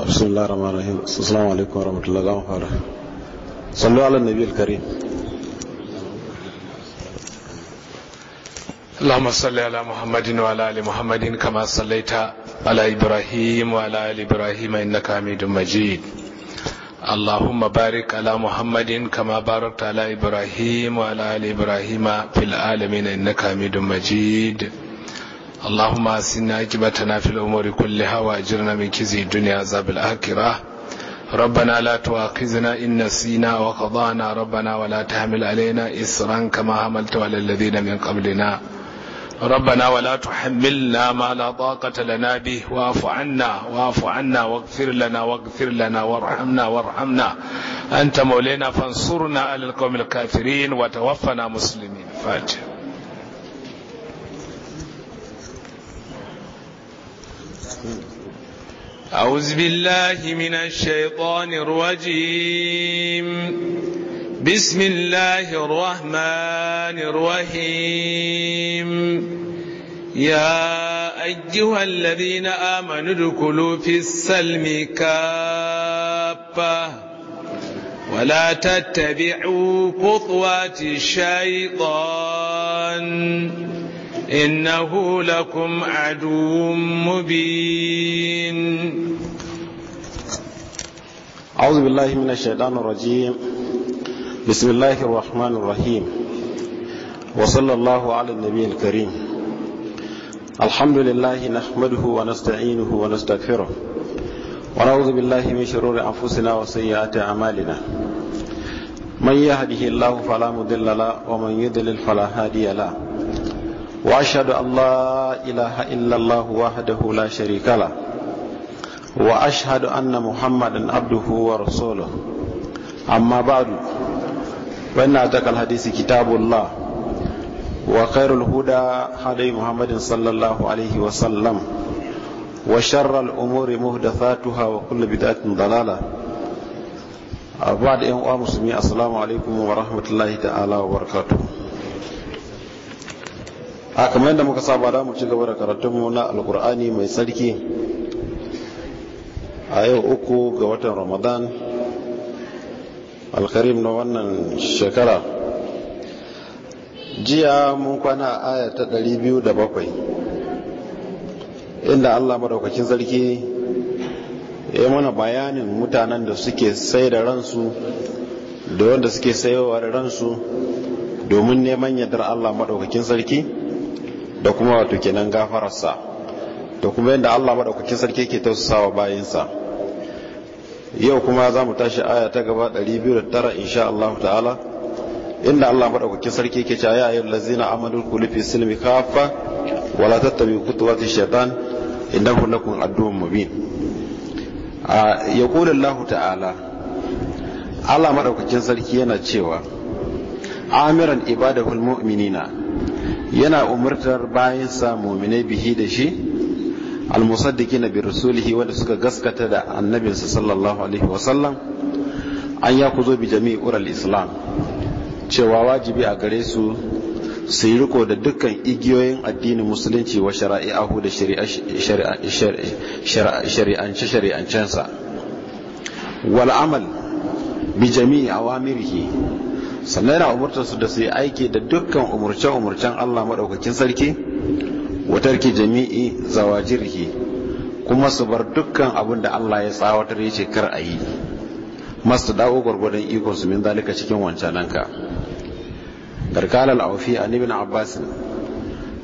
بسم الله الرحمن الرحيم السلام عليكم ورحمة الله وبركاته صلوا على النبي الكريم اللهم صل على محمد وعلى ال محمد كما صليت على ابراهيم وعلى ال ابراهيم انك حميد مجيد اللهم بارك على محمد كما باركت على ابراهيم وعلى ال ابراهيم في العالمين انك حميد مجيد اللهم أسنا عجبتنا في الأمور كلها وأجرنا من كزي الدنيا عذاب الآخرة ربنا لا تؤاخذنا إن نسينا وقضانا ربنا ولا تحمل علينا إسرا كما حملت على الذين من قبلنا ربنا ولا تحملنا ما لا طاقة لنا به واعف عنا واعف عنا واغفر لنا واغفر لنا وارحمنا وارحمنا أنت مولانا فانصرنا على القوم الكافرين وتوفنا مسلمين فاجر أعوذ بالله من الشيطان الرجيم بسم الله الرحمن الرحيم يا أيها الذين آمنوا ادخلوا في السلم كافة ولا تتبعوا خطوات الشيطان إنه لكم عدو مبين أعوذ بالله من الشيطان الرجيم بسم الله الرحمن الرحيم وصلى الله على النبي الكريم الحمد لله نحمده ونستعينه ونستغفره ونعوذ بالله من شرور أنفسنا وسيئات أعمالنا من يهده الله فلا مضل له ومن يضلل فلا هادي له واشهد ان لا اله الا الله وحده لا شريك له واشهد ان محمدا عبده ورسوله اما بعد فان اتقى الحديث كتاب الله وخير الهدى هدي محمد صلى الله عليه وسلم وشر الامور محدثاتها وكل بدعه ضلاله بعد ان مسلمين السلام عليكم ورحمه الله تعالى وبركاته a kamar yadda muka saba da mu ci gaba da karatun mu na alkur'ani mai sarki. a yau uku ga watan ramadan alkarim na wannan shekara jiya mun kwana a aya ta 207 inda allah madaukakin sarki ya mana bayanin mutanen da suke sai da ransu da wanda suke sayowa da ransu domin neman yadda allah madaukakin sarki da kuma wato kenan gafararsa da kuma yadda Allah maɗaukakin sarki ke tausasawa bayansa yau kuma za mu tashi aya ta gaba 209 insha Allah ta'ala inda Allah maɗaukakin sarki ke cewa ya ayyuhal ladzina amanu kullu fi silmi kafa wala tattabi'u khutuwati shaytan innahu lakum aduwwun mubin a yaqulu Lahu ta'ala Allah maɗaukakin sarki yana cewa amiran ibadahul mu'minina yana umurtar bayansa muminai bihi da shi almusaddiki bi rasulihi wanda suka gaskata da annabinsa sallallahu alaihi wasallam an ya kuzo bi jami'i ural islam cewa wajibi a gare su su yi riko da dukkan igiyoyin addinin musulunci wa shari'ahu da shari'ance shari'ancensa wal amal bi jami'i awamirihi sannan yana umurtar su da su yi aiki da dukkan umurce-umurcen Allah maɗaukakin sarki watarki jami'i jirgi kuma su bar dukkan abin da Allah ya tsawatar ya ce kar a yi masu dawo gwargwadon ikon su min zalika cikin wancananka garkalar aufi a nibin abbasin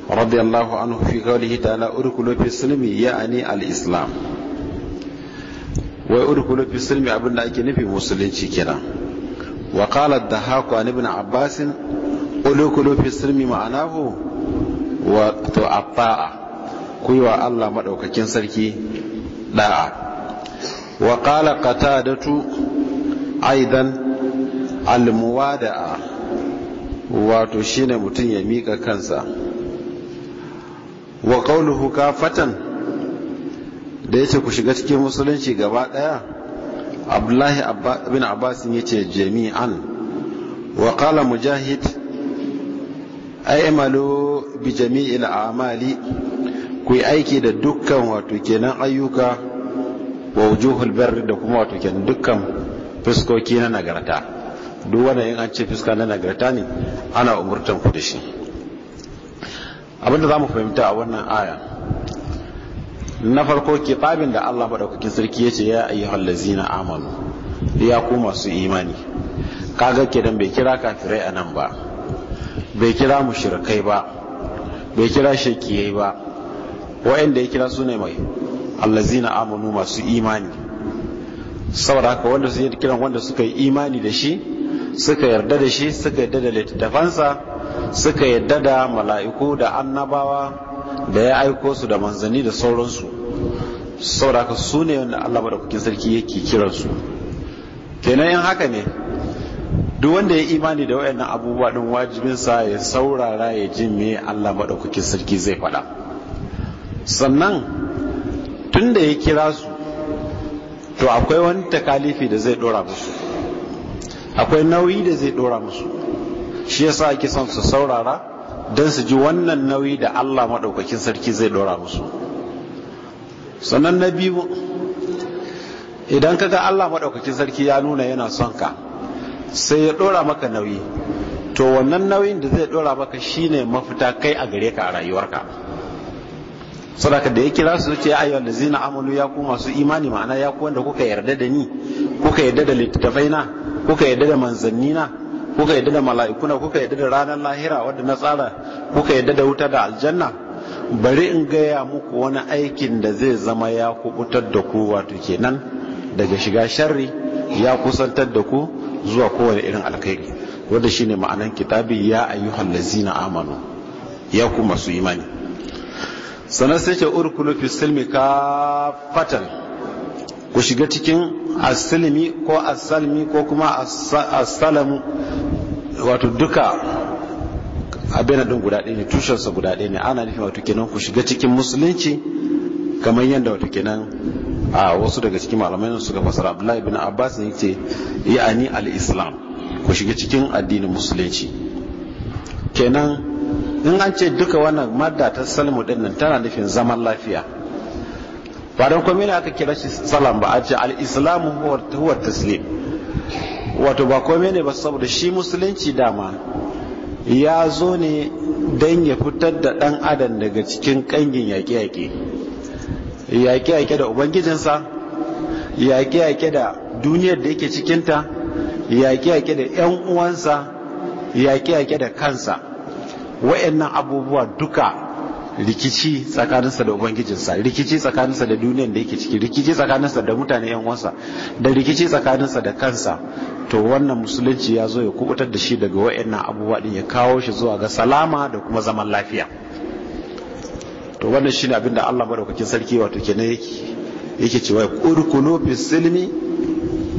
radiyallahu anhu fi kawalihi ta'ala urkulu fi sulmi ya'ani al-islam wai urkulu fi sulmi abin da ake nufi musulunci kenan وقال الدهاق عن ابن عباس قلوا كلوا في السلم معناه وتعطاء كيوا الله مدوكاكين سركي داعا وقال قتادة أيضا الموادعة wato shine mutum كنسا وقوله كافة wa كشغتك kafatan da yace ku abdullahi bin abbas ya ce jami'an wa qala mujahid ai amalu bi jami'il amali ku yi aiki da dukkan wato kenan ayyuka wa barri da kuma wato kenan dukkan fuskoki na nagarta duk wanda in an ce fuska na nagarta ne ana umurtan ku da shi abinda za mu fahimta a wannan aya na farko kitabin da Allah madaukakin sarki yace ya ayyuhal ladzina amanu ya ku masu imani kaga kidan bai kira kafirai anan ba bai kira mushrikai ba bai kira shakiyai ba wa'anda ya kira su ne mai allazina amanu masu imani saboda haka wanda su yi kiran wanda suka yi imani da shi suka yarda da shi suka yarda da littattafansa suka yarda da mala'iku da annabawa da ya aiko su da manzanni da sauransu sauraka su ne wanda Allah madaukakin sarki yake kiransu kenan yin haka ne duk wanda ya imani da wayannan abubuwa din sa ya saurara ya ji me Allah madaukakin sarki zai faɗa sannan tunda ya kira su to akwai wani takalifi da zai dora musu akwai nauyi da zai dora musu shi yasa ake son su saurara don su ji wannan nauyi da Allah maɗaukakin sarki zai ɗora musu sannan na biyu idan ka ga Allah maɗaukakin sarki ya nuna yana son ka sai ya ɗora maka nauyi to wannan nauyin da zai ɗora maka shi ne mafita kai a gare ka a rayuwarka sadaka da ya kira su ce da zina amalu ya ku masu imani ma'ana ya ku wanda kuka yarda da ni kuka yarda da littattafai na kuka yarda da manzanni na kuka yadda da mala'ikuna kuka yadda da ranar lahira wadda na tsara kuka yadda da wuta da aljanna bari in gaya muku wani aikin da zai zama ya kubutar da ku wato kenan daga shiga sharri ya kusantar da ku zuwa kowane irin alkhairi wanda shine ma'anan kitabi ya ayyuhal lazina amanu ya ku masu imani sanar sai ce urkulu fi silmi kafatan ku shiga cikin asilmi ko asalmi ko kuma asalamu wato duka abin din guda ɗaya ne tushensa guda ɗaya ne ana nufin wato kenan ku shiga cikin musulunci kamar yadda wato kenan a wasu daga cikin malamai ga fasara abdullahi bin abbas ne ce ya'ani al-islam ku shiga cikin addinin musulunci kenan in an ce duka wannan madda ta salmu din nan tana nufin zaman lafiya ba don komai ne aka kira shi salam ba a ce al islam huwa taslim wato ba komai ne ba saboda shi musulunci dama ya zo ne don ya fitar da ɗan adam daga cikin ƙangin yaƙe-yaƙe yaƙe-yaƙe da ubangijinsa yaƙe-yaƙe da duniyar da yake cikinta yaƙe-yaƙe da 'yan uwansa yaƙe-yaƙe da kansa wa'annan abubuwa duka rikici tsakaninsa da ubangijinsa rikici tsakaninsa da duniyar da yake ciki rikici tsakaninsa da mutane yan uwansa da rikici tsakaninsa da kansa to wannan musulunci ya zo ya kubutar da shi daga wayannan abubuwa din ya kawo shi zuwa ga salama da kuma zaman lafiya to wannan shine abin da Allah madaukakin sarki wato kenan yake yake cewa urkunu bis silmi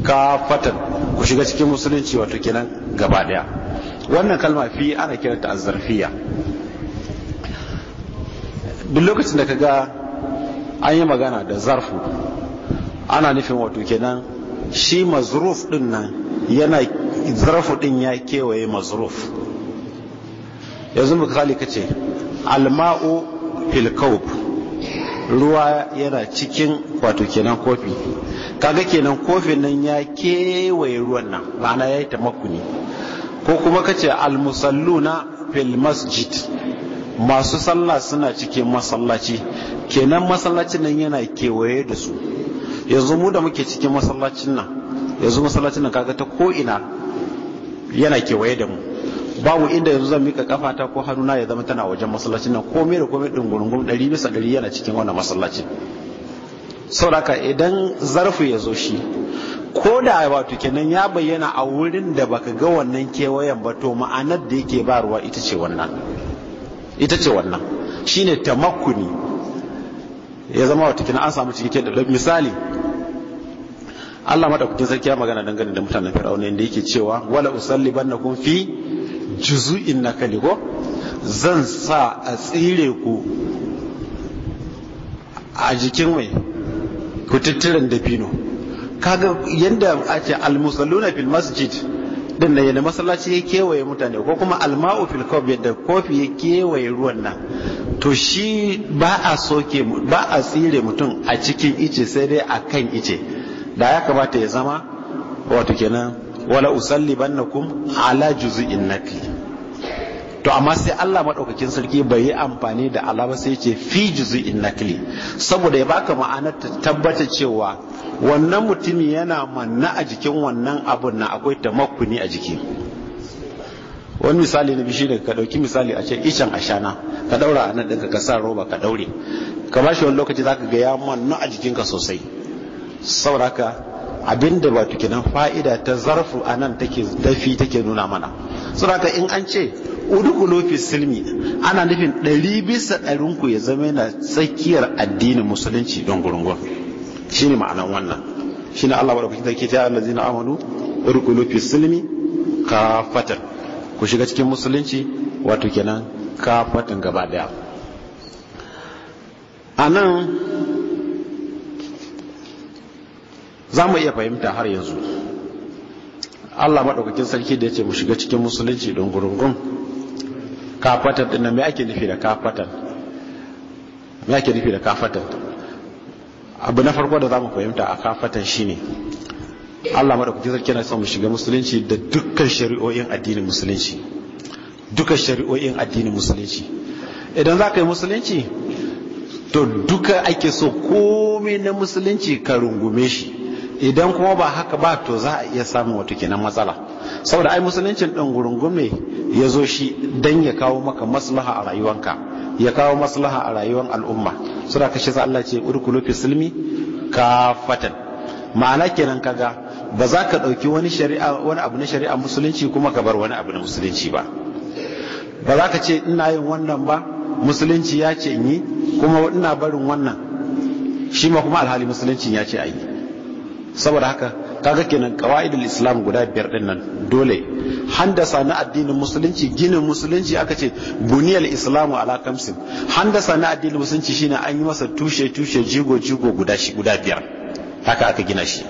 kafatan ku shiga cikin musulunci wato kenan gaba daya wannan kalma fi ana kiranta azzarfiya duk lokacin da ka ga an yi magana da zarfu ana nufin wato kenan shi mazruf din nan yana zarfu din ya kewaye mazruf yanzu misali ce alma'u fil ruwa yana cikin wato kenan kofi kaga kenan kofin nan ya kewaye ruwan nan ma'ana ta tamakuni ko kuma ka kace almusalluna na filmasjid. masu sallah suna cikin masallaci kenan masallacin nan yana kewaye da su yanzu mu da muke cikin masallacin nan yanzu masallacin nan kaga ta ko ina yana kewaye da mu babu inda yanzu zan mika kafata ko hannuna ya zama tana wajen masallacin nan komai da komai din gurungun ɗari bisa ɗari yana cikin wannan masallacin saboda idan zarfi ya zo shi ko da wato kenan ya bayyana a wurin da baka ga wannan kewayen ba to ma'anar da yake barwa ita ce wannan ita ce wannan shine tamakkuni ya zama wata kina an samu cikakken da misali Allah madaukakin sarki ya magana dangane da mutanen Fir'auna inda yake cewa wala usallibannakum fi juzu'in na ko zan sa a tsire ku a jikin mai kututturen dafino kaga yadda ake almusalluna fil masjid din da yadda masallaci ya kewaye mutane ko kuma alma'u fil kawb yadda kofi ya kewaye ruwan nan to shi ba a soke ba a tsire mutum a cikin ice sai dai a kan ice da ya kamata ya zama wato kenan wala usalli bannakum ala juz'in nakli to amma sai Allah madaukakin sarki bai yi amfani da alama sai ce fi juz'in nakli saboda ya baka ma'anar tabbata cewa wannan mutumin yana manna a jikin wannan abun na akwai ta makuni a jiki wani misali na bishi daga ka ɗauki misali a ce ishan ashana ka ɗaura a nan daga ka roba ka ɗaure ka ba shi wani lokaci za ka ga ya manna a jikinka sosai sauraka abin da tuki nan fa'ida ta zarfu a nan take dafi take nuna mana sauraka in an ce udukulu fi silmi ana nufin ɗari bisa ɗarinku ya zama yana tsakiyar addinin musulunci don gurungun shine ma'anan wannan shine Allah madaukakin sarki ta zina amanu urqulu fi sulmi kafatan ku shiga cikin musulunci wato kenan kafatan gaba daya A nan za mu iya fahimta har yanzu Allah maɗaukakin sarki da ya ce mu shiga cikin musulunci don gurungun kafatan ɗin mai ake nufi da kafatan me ake nufi da kafatan abu na farko da za mu fahimta a kafatan shine Allah madaukakin sarki yana son mu shiga musulunci da dukkan shari'o'in addinin musulunci duka shari'o'in addinin musulunci idan za ka yi musulunci to duka ake so komai na musulunci ka rungume shi idan kuma ba haka ba to za a iya samun wata kenan matsala saboda ai musuluncin ɗan gurungume ya zo shi don ya kawo maka maslaha a rayuwanka ya kawo maslaha a rayuwar al'umma suna kashe sa Allah ce urkulu fi silmi kafatan ma'ana kenan kaga ba za ka ɗauki wani shari'a wani abu na shari'a musulunci kuma ka bar wani abu na musulunci ba ba za ka ce ina yin wannan ba musulunci ya ce in yi kuma ina barin wannan shi ma kuma alhali musulunci ya ce a yi saboda haka kaga kenan qawaidul islam guda biyar din nan dole handasa na addinin musulunci ginin musulunci aka ce buniyal islamu ala kamsin handasa na addinin musulunci shine an yi masa tushe tushe jigo jigo guda shi guda biyar haka aka gina shi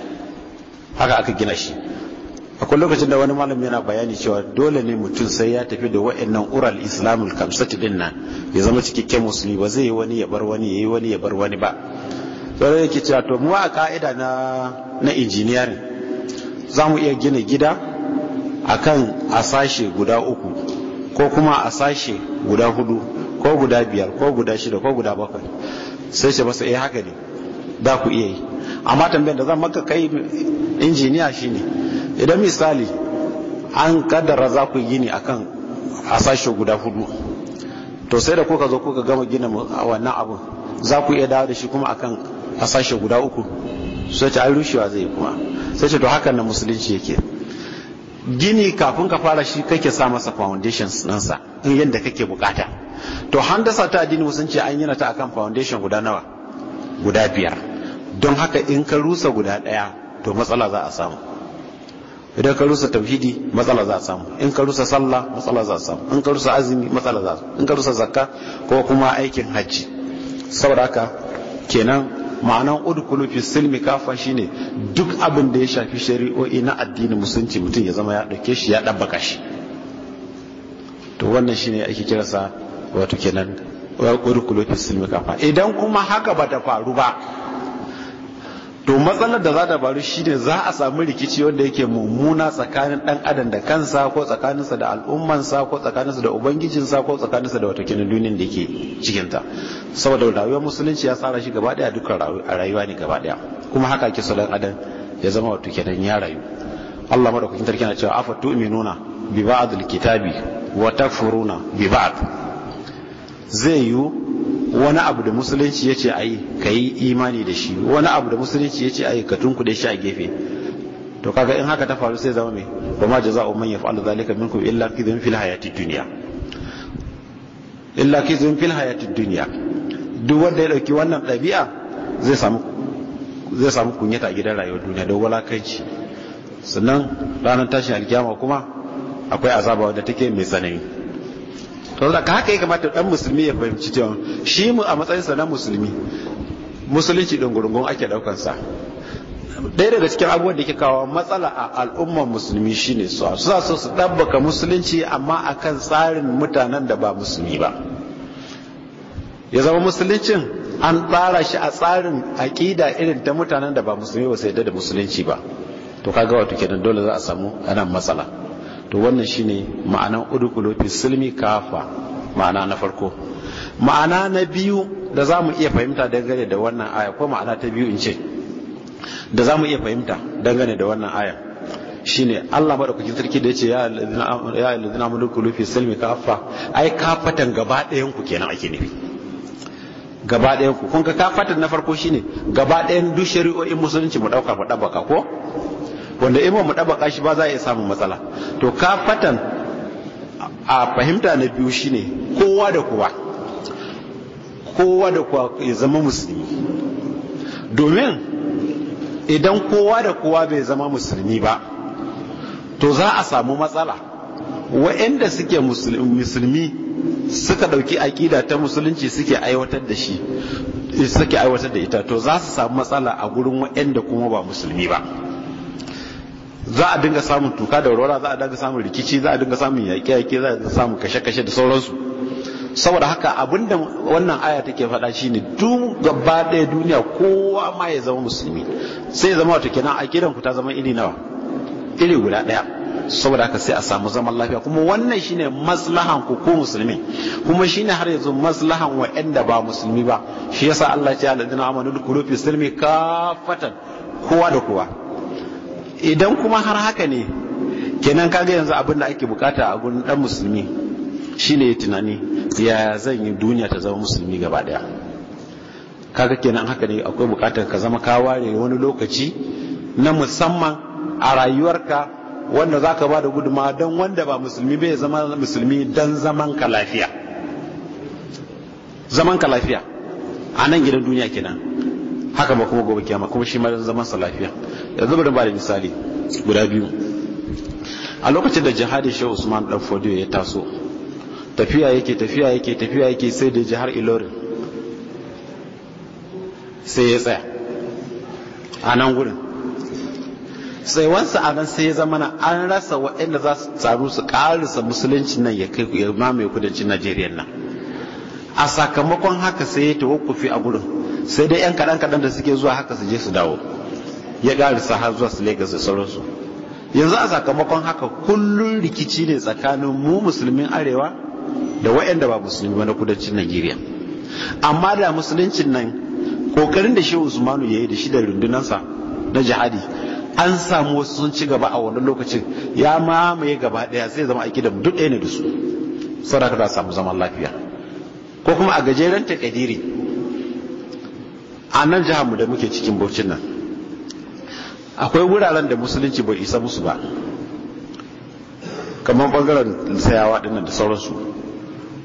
haka aka gina shi akwai lokacin da wani malami yana bayani cewa dole ne mutum sai ya tafi da wa'annan ural islamul kamsati din nan ya zama cikakken musulmi ba zai yi wani ya bar wani ya yi wani ya bar wani ba wani yake cewa to mu a ka'ida na na injiniyarin za mu iya gina gida a a asashe guda uku ko kuma asashe guda hudu ko guda biyar ko guda shida ko guda bakwai sai ce masa iya eh, haka ne za ku iya yi amma tambayar da zan maka kai injiniya shine idan misali an kaddara za ku gini a a asashe guda hudu to sai da kuka zo kuka gama gina wannan abin za ku iya dawo da shi kuma akan sashe guda uku sai ce an rushewa zai kuma sai ce to hakan na musulunci yake gini kafin ka fara shi kake sa masa foundations nansa in yadda kake bukata to handasa ta addini musulunci an yi ta akan foundation guda nawa guda biyar don haka in ka rusa guda ɗaya to matsala za a samu idan ka rusa tauhidi matsala za a samu in ka rusa sallah matsala za a samu in ka rusa azumi matsala za a samu in ka rusa zakka ko kuma aikin hajji saboda haka kenan ma'anan udkhulu fi silmi kafa shine duk abin da ya shafi shari'o'i na addinin musulunci mutum ya zama ya ɗauke shi ya ɗabbaka shi to wannan shine ake kiransa wato kenan udkhulu fi silmi kafa idan kuma haka bata faru ba to matsalar da za ta shi ne za a samu rikici wanda yake mummuna tsakanin dan adam da kansa ko tsakaninsa da al'ummansa ko tsakaninsa da ubangijinsa ko tsakaninsa da wata kinin duniyar da ke cikinta saboda rayuwar musulunci ya tsara shi gaba daya dukkan rayuwa ne gaba daya kuma haka ke so dan adam ya zama wato kenan ya rayu Allah madaukakin sarki na cewa afa tu'minuna bi ba'd kitabi wa takfuruna bi ba'd zai yiwu wani abu da musulunci ya ce a yi ka yi imani da shi wani abu da musulunci ya ce a yi ka tunkuɗe shi a gefe to kaga in haka ta faru sai zama mai ba ma jaza'u man yaf'al zalika minkum illa kizun fil hayatid dunya illa kizun fil hayatid dunya duk wanda ya dauki wannan ɗabi'a zai samu zai kunyata a gidan rayuwar duniya da walakanci sannan ranar tashin alkiyama kuma akwai azaba wadda take mai tsanani don da haka ya kamata dan musulmi ya fahimci cewa shi mu a matsayinsa na musulmi musulunci din gurgun ake daukan sa ɗaya daga cikin abubuwan da ke kawo matsala a al'ummar musulmi shine su suna so su dabbaka musulunci amma akan tsarin mutanen da ba musulmi ba ya zama musuluncin an tsara shi a tsarin aƙida irin ta mutanen da ba musulmi ba sai da musulunci ba to kaga wato kenan dole za a samu ana matsala to wannan shine ma'anan udukulu fi sulmi kafa ma'ana na farko ma'ana na biyu da za mu iya fahimta dangane da wannan aya ko ma'ana ta biyu in ce da za mu iya fahimta dangane da wannan aya shine Allah madaukakin sarki da yace ya alladhina amanu fi silmi kafa ai kafatan gaba ɗayan ku kenan ake nufi gaba ɗayan ku kun ga kafatan na farko shine gaba ɗayan duk shari'o'in musulunci mu dauka mu ɗabaka ko wanda in mu ɗabaka shi ba za a iya samun matsala to ka fatan a fahimta na biyu shine kowa da kowa kowa da kowa ya zama musulmi domin idan kowa da kowa bai zama musulmi ba to za a samu matsala wa'anda suke musulmi suka ɗauki aƙida ta musulunci suke aiwatar da shi suke aiwatar da ita to za su samu matsala a gurin wa'anda kuma ba musulmi ba za a dinga samun tuka da warwara za a dinga samun rikici za a dinga samun yaƙe-yaƙe za a dinga samun kashe-kashe da sauransu saboda haka abinda wannan aya take faɗa shine duk gaba ɗaya duniya kowa ma ya zama musulmi sai ya zama wato kenan gidan ku ta zama iri nawa iri guda ɗaya saboda haka sai a samu zaman lafiya kuma wannan shine maslahan ku ko musulmi kuma shine har yanzu maslahan wa'anda ba musulmi ba shi yasa Allah ya ce alladina amanu dukulu fi silmi kafatan kowa da kowa idan kuma har haka ne kenan kaga yanzu abin da ake bukata a gurin dan musulmi shine ya tunani ya zan yi duniya ta zama musulmi gaba daya kaga kenan haka ne akwai bukatar ka zama ka ware wani lokaci na musamman a rayuwarka wanda za ka ba da gudunmawa don wanda ba musulmi bai zama musulmi don zaman ka lafiya zaman ka lafiya a nan gidan duniya kenan haka ba kuma gobe kiyama kuma shi ma zan sa lafiya yanzu bari ba da misali guda biyu a lokacin da jihadi shi usman dan fodiyo ya taso tafiya yake tafiya yake tafiya yake sai da jihar ilorin sai ya tsaya a nan gurin wansa a nan sai ya zama na an rasa waɗanda za su tsaru su ƙarisa musulunci nan ya kai ya mamaye kudancin najeriya nan a sakamakon haka sai ya tawakufi a gurin sai dai yan kaɗan kaɗan da suke zuwa haka su je su dawo ya ƙarisa har zuwa su lagos da sauransu yanzu a sakamakon haka kullum rikici ne tsakanin mu musulmin arewa da waɗanda ba musulmi ba na kudancin najeriya amma da musuluncin nan kokarin da shehu usmanu ya yi da shi da rundunansa na jihadi an samu wasu sun ci gaba a wannan lokacin ya mamaye gaba ɗaya sai zama aiki da duk ɗaya ne da su sadaka za samu zaman lafiya ko kuma a gajeren takadiri a nan jihar mu da muke cikin baucin nan akwai wuraren da musulunci bai isa musu ba kamar bangaren sayawa dinnan da sauransu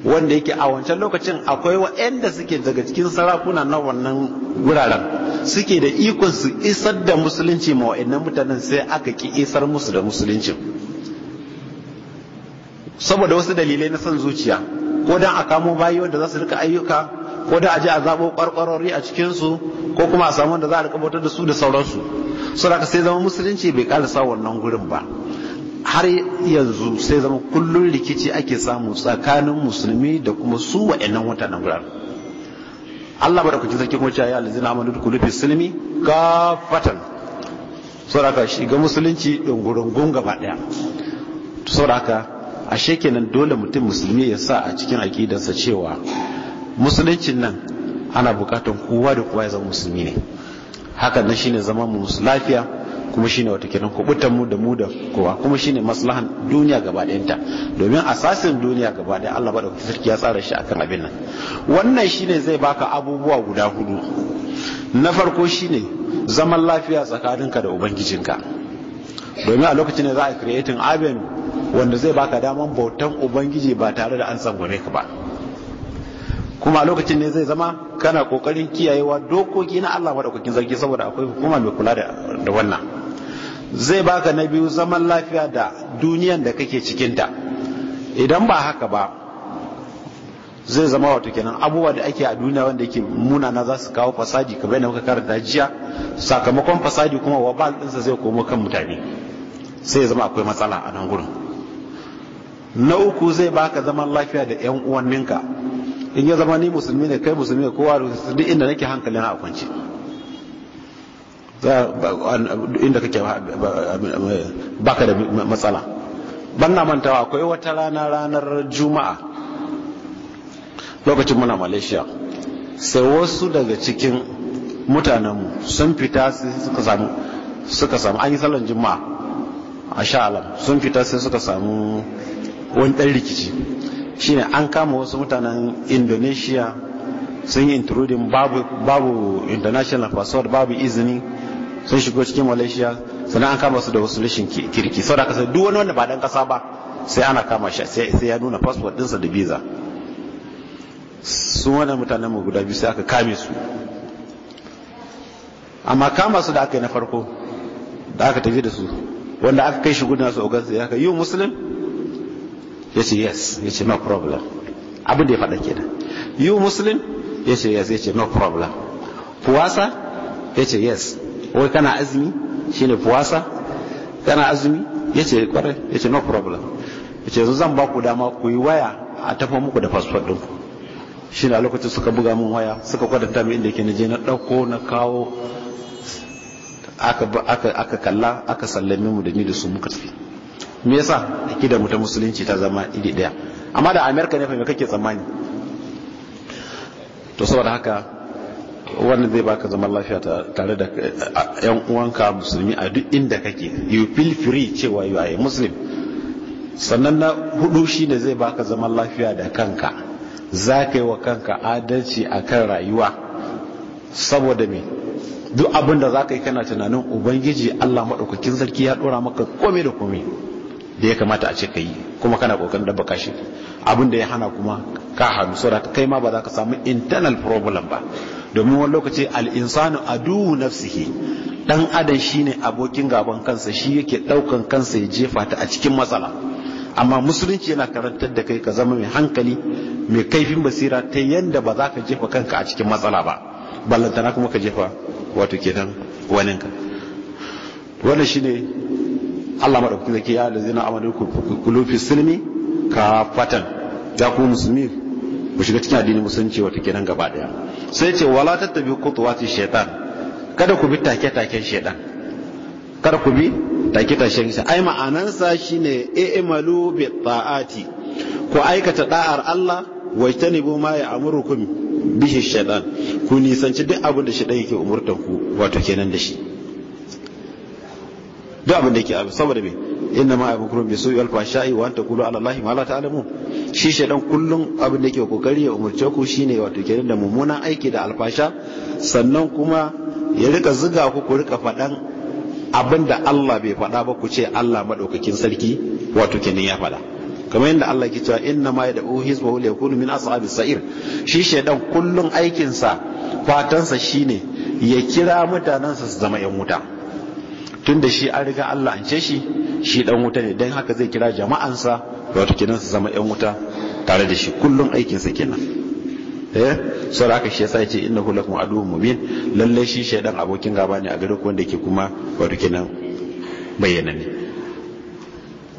wanda yake a wancan lokacin akwai waɗanda suke daga cikin sarakuna na wannan wuraren suke da ikon su isar da musulunci ma waɗannan mutanen sai aka ki isar musu da musuluncin saboda wasu dalilai na son zuciya ko dan a kamo bayi wanda za su rika ayyuka ko da a a zabo kwarkwarori a cikin ko kuma a samu wanda za a rika da su da sauransu saboda sai zama musulunci bai sa wannan gurin ba har yanzu sai zama kullum rikici ake samu tsakanin musulmi da kuma su wa'annan mutanen gurin Allah ba da kuke sarki kuma cewa ya allazina amanu dukulu fi silmi kafatan da haka shi ga musulunci gunga gaba daya da haka ashe kenan dole mutum musulmi ya sa a cikin aƙidarsa cewa musuluncin nan ana bukatan kowa da kowa ya zama musulmi ne hakan nan shine zama mu lafiya kuma shine wata kenan kubutan mu da mu da kowa kuma shine maslahan duniya gaba ɗayanta domin asasin duniya gaba ɗaya Allah ba da sarki ya tsara shi akan abin nan wannan shine zai baka abubuwa guda hudu na farko shine zaman lafiya tsakaninka da ubangijinka domin a lokacin ne za a creating abin wanda zai baka daman bautan ubangiji ba tare da an tsangwame ka ba kuma lokacin ne zai zama kana kokarin kiyayewa dokoki na Allah madaukakin zargi saboda akwai hukuma mai kula da wannan zai baka na biyu zaman lafiya da duniyan da kake cikinta idan ba haka ba zai zama wato kenan abubuwa da ake a duniya wanda yake munana za su kawo fasadi kamar yadda muka karanta jiya sakamakon fasadi kuma wabal ɗinsa zai komo kan mutane sai zama akwai matsala a nan gurin na uku zai baka zaman lafiya da 'yan uwanninka in ya zama ni musulmi ne kai musulmi ne kowa da duk inda nake hankali na a kwance inda kake baka da matsala ban na mantawa akwai wata rana ranar juma'a lokacin muna malaysia sai wasu daga cikin mutanenmu sun fita suka samu suka samu an yi salon juma'a a sha'alam sun fita sai suka samu wani ɗan rikici shine an kama wasu mutanen indonesia sun yi intrudin babu, babu international passport babu izini sun shigo cikin malaysia sannan an kama su da wasu rashin kirki sau da kasa duk wani wanda ba dan kasa ba sai ana kama shi sai ya nuna passport dinsa da visa sun wani mutanen mu guda biyu sai aka kame su amma kama su da aka yi na farko da aka tafi da su wanda aka kai shi gudun su ogansu ya ka yi musulun. ya ce yes ya ce no problem abin da ya faɗa kenan you muslim ya ce yes ya ce no problem puwasa ya ce yes wai kana azumi shine puwasa kana azumi ya ce kwarai ya ce no problem ya ce zan ba ku dama ku yi waya a tafa muku da fasfot ɗinku shi a lokacin suka buga min waya suka kwadanta min inda ke na je na ɗauko na kawo aka kalla aka sallame mu da ni da su muka tafi me yasa akidar mu ta musulunci ta zama iri daya amma da amerika ne fa me kake tsammani to saboda haka wannan zai baka zaman lafiya tare da yan uwanka musulmi a duk inda kake you feel free cewa you are a muslim sannan na hudu shine zai baka zaman lafiya da kanka za ka yi wa kanka adalci a kan rayuwa saboda me duk abin da za ka yi kana tunanin ubangiji allah maɗaukakin sarki ya ɗora maka komai da komai da ya kamata a ce ka yi kuma kana kokarin da baka shi abin da ya hana kuma ka hannu ta kai ma ba za ka samu internal problem ba domin wani lokaci al'insanu a duhu nafsihi dan adam shine abokin gaban kansa shi yake daukan kansa ya jefa ta a cikin matsala amma musulunci yana karantar da kai ka zama mai hankali mai kaifin basira ta yanda ba za ka jefa kanka a cikin matsala ba ballantana kuma ka jefa wato kenan waninka wannan shine Allah madaukakin zaki ya zina amadu kulufi fi silmi fatan. ya ku musulmi ku shiga cikin addinin musulunci wata kenan gaba daya sai ce wala tattabi kutuwati shaytan kada ku bi take taken shaytan kada ku bi take taken shaytan ai ma'anansa shine i'malu bi ta'ati ku aikata da'ar Allah tanibu ma ya'murukum bihi shaytan ku nisanci duk abin da shaytan yake umurtan ku wato kenan da shi duk abin da yake abu saboda me inna ma abu kurun bi su'i wal fashai wa anta qulu ala allahi ma la ta'lamu shi shedan kullun abin da yake kokari ya umurce ku shine wato kenan da mummunan aiki da alfasha sannan kuma ya rika zuga ku ku rika fadan abin da Allah bai faɗa ba ku ce Allah madaukakin sarki wato kenan ya faɗa kamar yadda Allah ke cewa inna ma yad'u hizbahu li yakunu min ashabis sa'ir shi shedan kullun aikin sa fatan shine ya kira mutanansa su zama yan wuta tun da shi an riga Allah an ce shi shi dan wuta ne dan haka zai kira jama'ansa wato kenan su zama yan wuta tare da shi kullum aikinsa kenan eh sai haka shi yasa yace innahu lakum adu mubin lalle shi shaydan abokin gaba ne a gare ku wanda yake kuma wato kenan bayyananne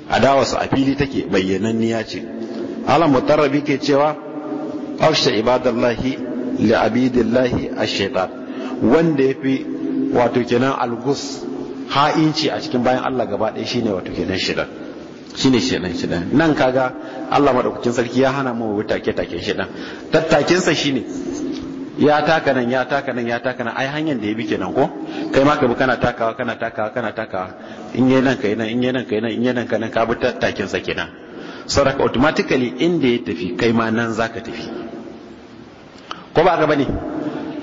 adawarsa a fili take ya ce alam mutarrabi ke cewa aksha ibadallahi li abidillahi ash-shaytan wanda yafi wato kenan al algus ha'inci a cikin bayan Allah gaba ɗaya shine wato kenan shidan shine shidan shidan nan kaga Allah madaukakin sarki ya hana mu take take shidan tattakin sa shine ya taka nan ya taka nan ya taka nan ai hanyar da ya bi kenan ko kai ma ka bi kana takawa kana takawa kana takawa in yayin nan kai nan in yayin nan kai nan in yayin nan kai nan ka bi tattakin sa kenan saboda automatically inda ya tafi kai ma nan zaka tafi ko ba ka bane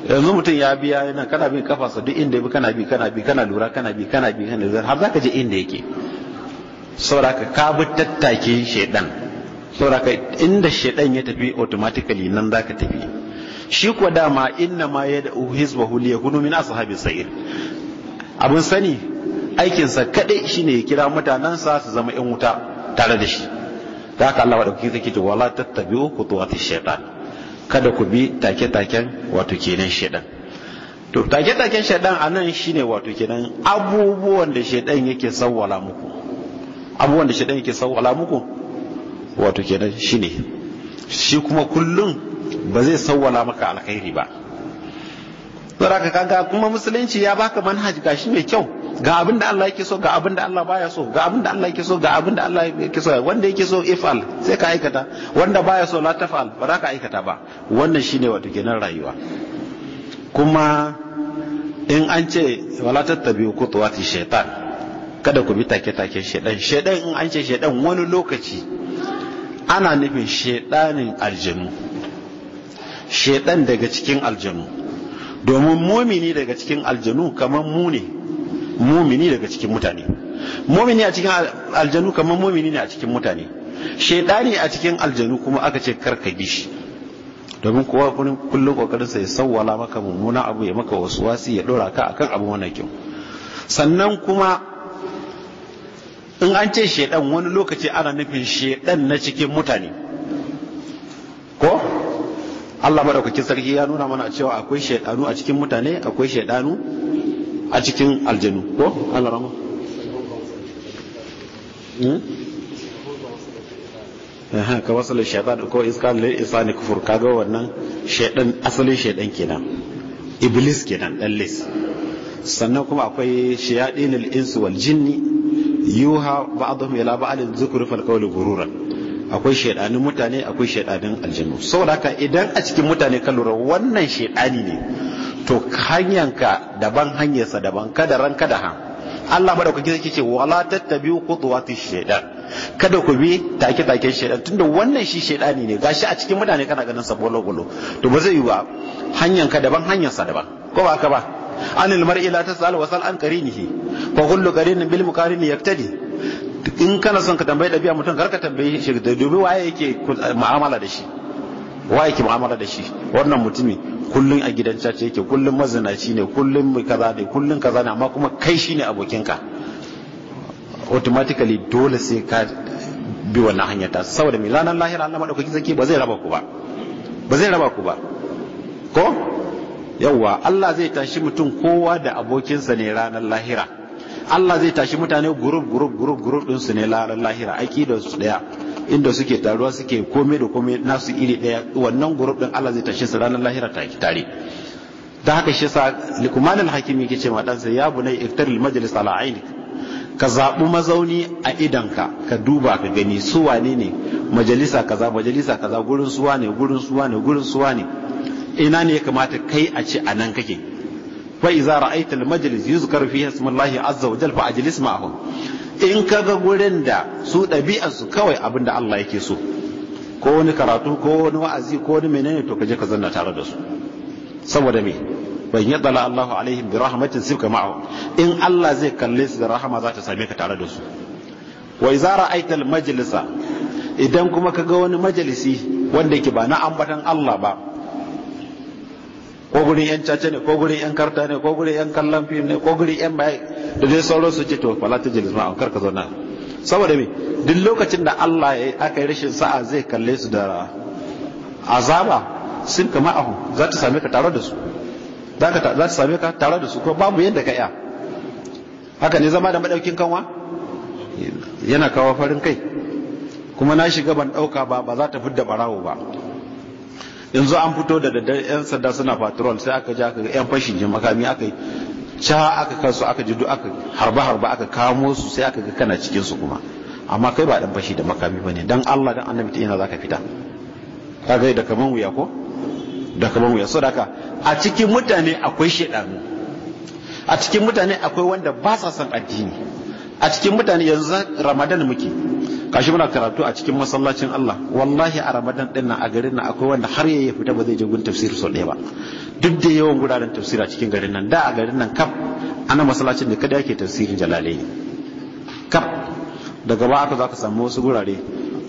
yanzu mutum ya biya yana kana bin kafarsa duk inda bi kana bi kana bi kana lura kana bi kana bi kana lura har zaka je inda yake saboda ka bi tattakin shedan saboda inda shedan ya tafi automatically nan zaka tafi shi kuwa dama inna ma ya da huli ya yakunu min ashabi sa'ir abun sani aikinsa kadai shine ya kira sa su zama yan wuta tare da shi da haka Allah wala tattabi'u khutuwatish shaitan kada ku bi take-taken wato kenan shaidan to take-taken shaidan a nan shine wato kenan abubuwan da shaidan yake sawwala muku abubuwan da shaidan yake sawwala muku wato kenan shine shi kuma kullum ba zai sawwala maka alkhairi ba saboda kaga kuma musulunci ya baka manhaj gashi mai kyau ga abin da Allah yake so ga abin da Allah baya so ga abin da Allah yake so ga abin da Allah yake so wanda yake so ifal sai ka aikata wanda baya so la tafal ba za ka aikata ba wannan shine wato kenan rayuwa kuma in an ce wala tattabi tuwati shaitan kada ku bi take take shaitan shaitan in an ce shaitan wani lokaci ana nufin shaitanin aljanu shaitan daga cikin aljanu domin mumini daga cikin aljanu kamar mu ne mumini daga cikin mutane mumini a cikin aljanu kamar mumini ne a cikin mutane shaidani a cikin aljanu kuma aka ce karka bi shi domin kowa kullum kokarin sa ya sawwala maka mummuna abu ya maka wasu wasi ya dora ka akan abu wannan kyau sannan kuma in an ce shaidan wani lokaci ana nufin shaidan na cikin mutane ko Allah madaukakin sarki ya nuna mana cewa akwai shaidanu a cikin mutane akwai shaidanu a cikin aljanu ko alarama hmm? ka wasalar shaitan ko iskan isa ne kufur kaga wannan shaitan asalin shaitan kenan iblis kenan dan lis sannan kuma akwai shayatinul al'insu wal jinni yuha ba'dhum ila ba'd zukru fal qawli gururan akwai shaidanin mutane akwai shaidanin aljanu saboda haka idan a cikin mutane ka lura wannan shaɗani ne to hanyanka daban hanyarsa daban kada ran kada ha Allah madaukaki zai ce wala tattabi'u khutuwatish shaytan kada ku bi take take shaytan tunda wannan shi shaytani ne gashi a cikin mutane kana ganin sa bolo bolo to ba zai yi ba hanyanka daban hanyarsa daban ko ba haka ba anil mar'i la tasal wasal an qarinihi fa kullu qarinin bil muqarin yaktadi in kana son ka tambayi dabi'a mutum kar ka tambayi shi da dubi waye yake mu'amala da shi waye yake mu'amala da shi wannan mutumi kullun a gidan caca yake kullun mazinaci ne kullun mai kaza ne kullun kaza ne amma kuma kai shine abokinka automatically dole sai ka bi wannan hanyar ta saboda mai ranar lahira Allah maɗaukaki sarki ba zai raba ku ba ba zai raba ku ba ko yawwa Allah zai tashi mutum kowa da abokinsa ne ranar lahira Allah zai tashi mutane gurub gurub gurub gurub din su ne ranar lahira aiki da su daya inda suke taruwa suke komai da komai nasu iri daya wannan group din Allah zai tashe su ranar lahira tare da haka shi sa likuman al-hakim yake cewa dan sai ya bunai iktaril majlis ala ainik ka zaɓi mazauni a idanka ka duba ka gani su wane ne majalisa kaza majalisa kaza gurin su wane, gurin su wane, gurin su wane. ina ne ya kamata kai a ce anan kake fa iza ra'aita al-majlis yuzkar fihi ismullahi azza wa jalla fa ajlis ma'ahum in ka ga gurin da su ɗabi'arsu kawai abin da Allah yake so ko wani karatu ko wani wa'azi ko wani menene to ka je ka zanna tare da su saboda me ban yi la Allahu alaihim bi rahmatin sibka ma'a in Allah zai kalle su da rahama za ta same ka tare da su wa iza ra'aital majlisa idan kuma ka ga wani majalisi wanda yake ba na ambatan Allah ba ko gurin yan caca ne ko gurin yan karta ne ko gurin yan kallon fim ne ko gurin yan bai da dai sauran su ce to fala ta jilisma an karka zauna saboda me duk lokacin da Allah ya aka yi rashin sa'a zai kalle su da azaba sun kama ahu za ta same ka tare da su za ta same ka tare da su ko babu yadda ka iya haka ne zama da madaukin kanwa yana kawo farin kai kuma na shiga ban dauka ba ba za ta fidda barawo ba yanzu an fito da daddare yan sanda suna patrol sai aka ja aka ga yan fashin jin makami aka ca aka kasu aka ji aka harba harba aka kamo su sai aka ga kana cikin su kuma amma kai ba dan fashi da makami bane dan Allah dan annabi ta ina zaka fita ka ga da kaman wuya ko da kaman wuya so daka a cikin mutane akwai shedanu a cikin mutane akwai wanda ba sa son addini a cikin mutane yanzu ramadan muke kashi muna karatu a cikin masallacin Allah wallahi a Ramadan din nan a garin nan akwai wanda har yayi fita ba zai je gun tafsiri sau ɗaya ba duk da yawan guraren tafsiri a cikin garin nan da a garin nan kaf ana masallacin da kada yake tafsirin jalalai kaf daga ba aka zaka samu wasu gurare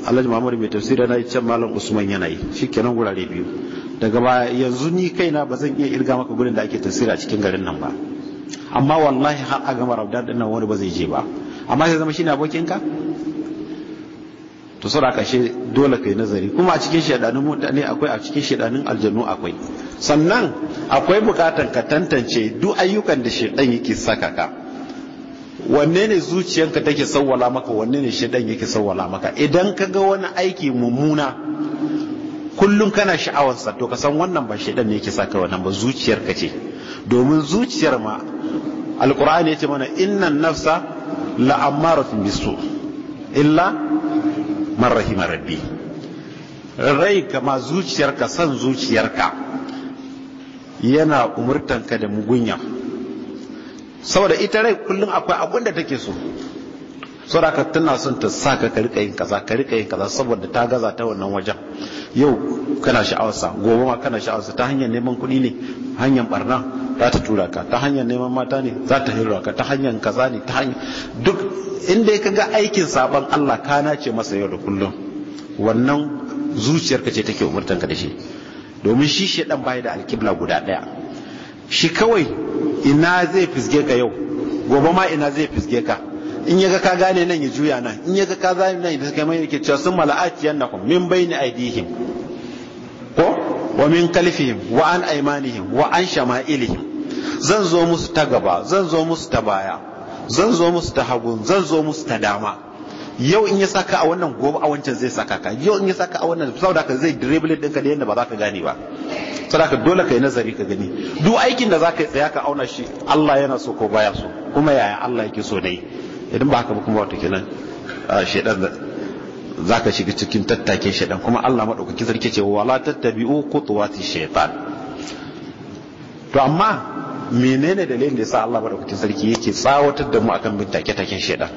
Alhaji Muhammad mai tafsiri yana yi can Malam Usman yana yi shikenan gurare biyu daga ba yanzu ni kaina ba zan iya irga maka gurin da ake tafsiri a cikin garin nan ba amma wallahi har a gama rabdar dinnan wani ba zai je ba amma sai zama shine abokinka to sura kashe shi dole kai nazari kuma a cikin shedanin mutane akwai a cikin shedanin aljanu akwai sannan akwai bukatan ka tantance duk ayyukan da shedan yake saka ka wanne ne zuciyanka take sawwala maka wanne ne shedan yake sawwala maka idan ka ga wani aiki mummuna kullum kana sha'awar sa to ka san wannan ba shedan ne yake saka wannan ba zuciyarka ce domin zuciyar ma alqur'ani ya ce mana innan nafsa la'amaratun bisu illa man rahima rabbi rai kama zuciyarka san zuciyarka yana umurtanka da mugunya saboda ita rai kullum akwai abin da take so saboda ka tana son ta sa ka rika yin kaza ka rika yin kaza saboda ta gaza ta wannan wajen yau kana sha'awarsa gobe ma kana sha'awarsa ta hanyar neman kuɗi ne hanyar barna za ta tura ka ta hanyar neman mata ne za ta hirra ka ta hanyar kaza ne ta hanyar duk inda ya kaga aikin sabon Allah kana ce masa yau da kullum wannan zuciyarka ce take umurtan ka da shi domin shi dan bai da alkibla guda daya shi kawai ina zai fisge ka yau gobe ma ina zai fisge ka in yaga ka gane nan ya juya nan in yaga ka gane nan ya kai mai yake cewa sun mala'ati yannakum min bayni aidihim ko wa min kalfihim wa an aimanihim wa an shama'ilihim zan zo musu ta gaba zan zo musu ta baya zan zo musu ta hagu zan zo musu ta dama yau in ya saka a wannan gobe a wancan zai saka ka yau in ya saka a wannan saboda ka zai dribble ɗinka da yadda ba za ka gane ba saboda ka dole ka yi nazari ka gani duk aikin da za ka yi tsaya ka auna shi Allah yana so ko baya so kuma yaya Allah yake so dai idan ba haka ba kuma wata kenan shedan Za ka shiga cikin tattakin shaitan kuma Allah maɗaukaki sarki ce wala tattabi'u khutuwati shaitan to amma menene dalilin da yasa Allah maɗaukaki sarki yake tsawatar da mu akan bin take-taken shaitan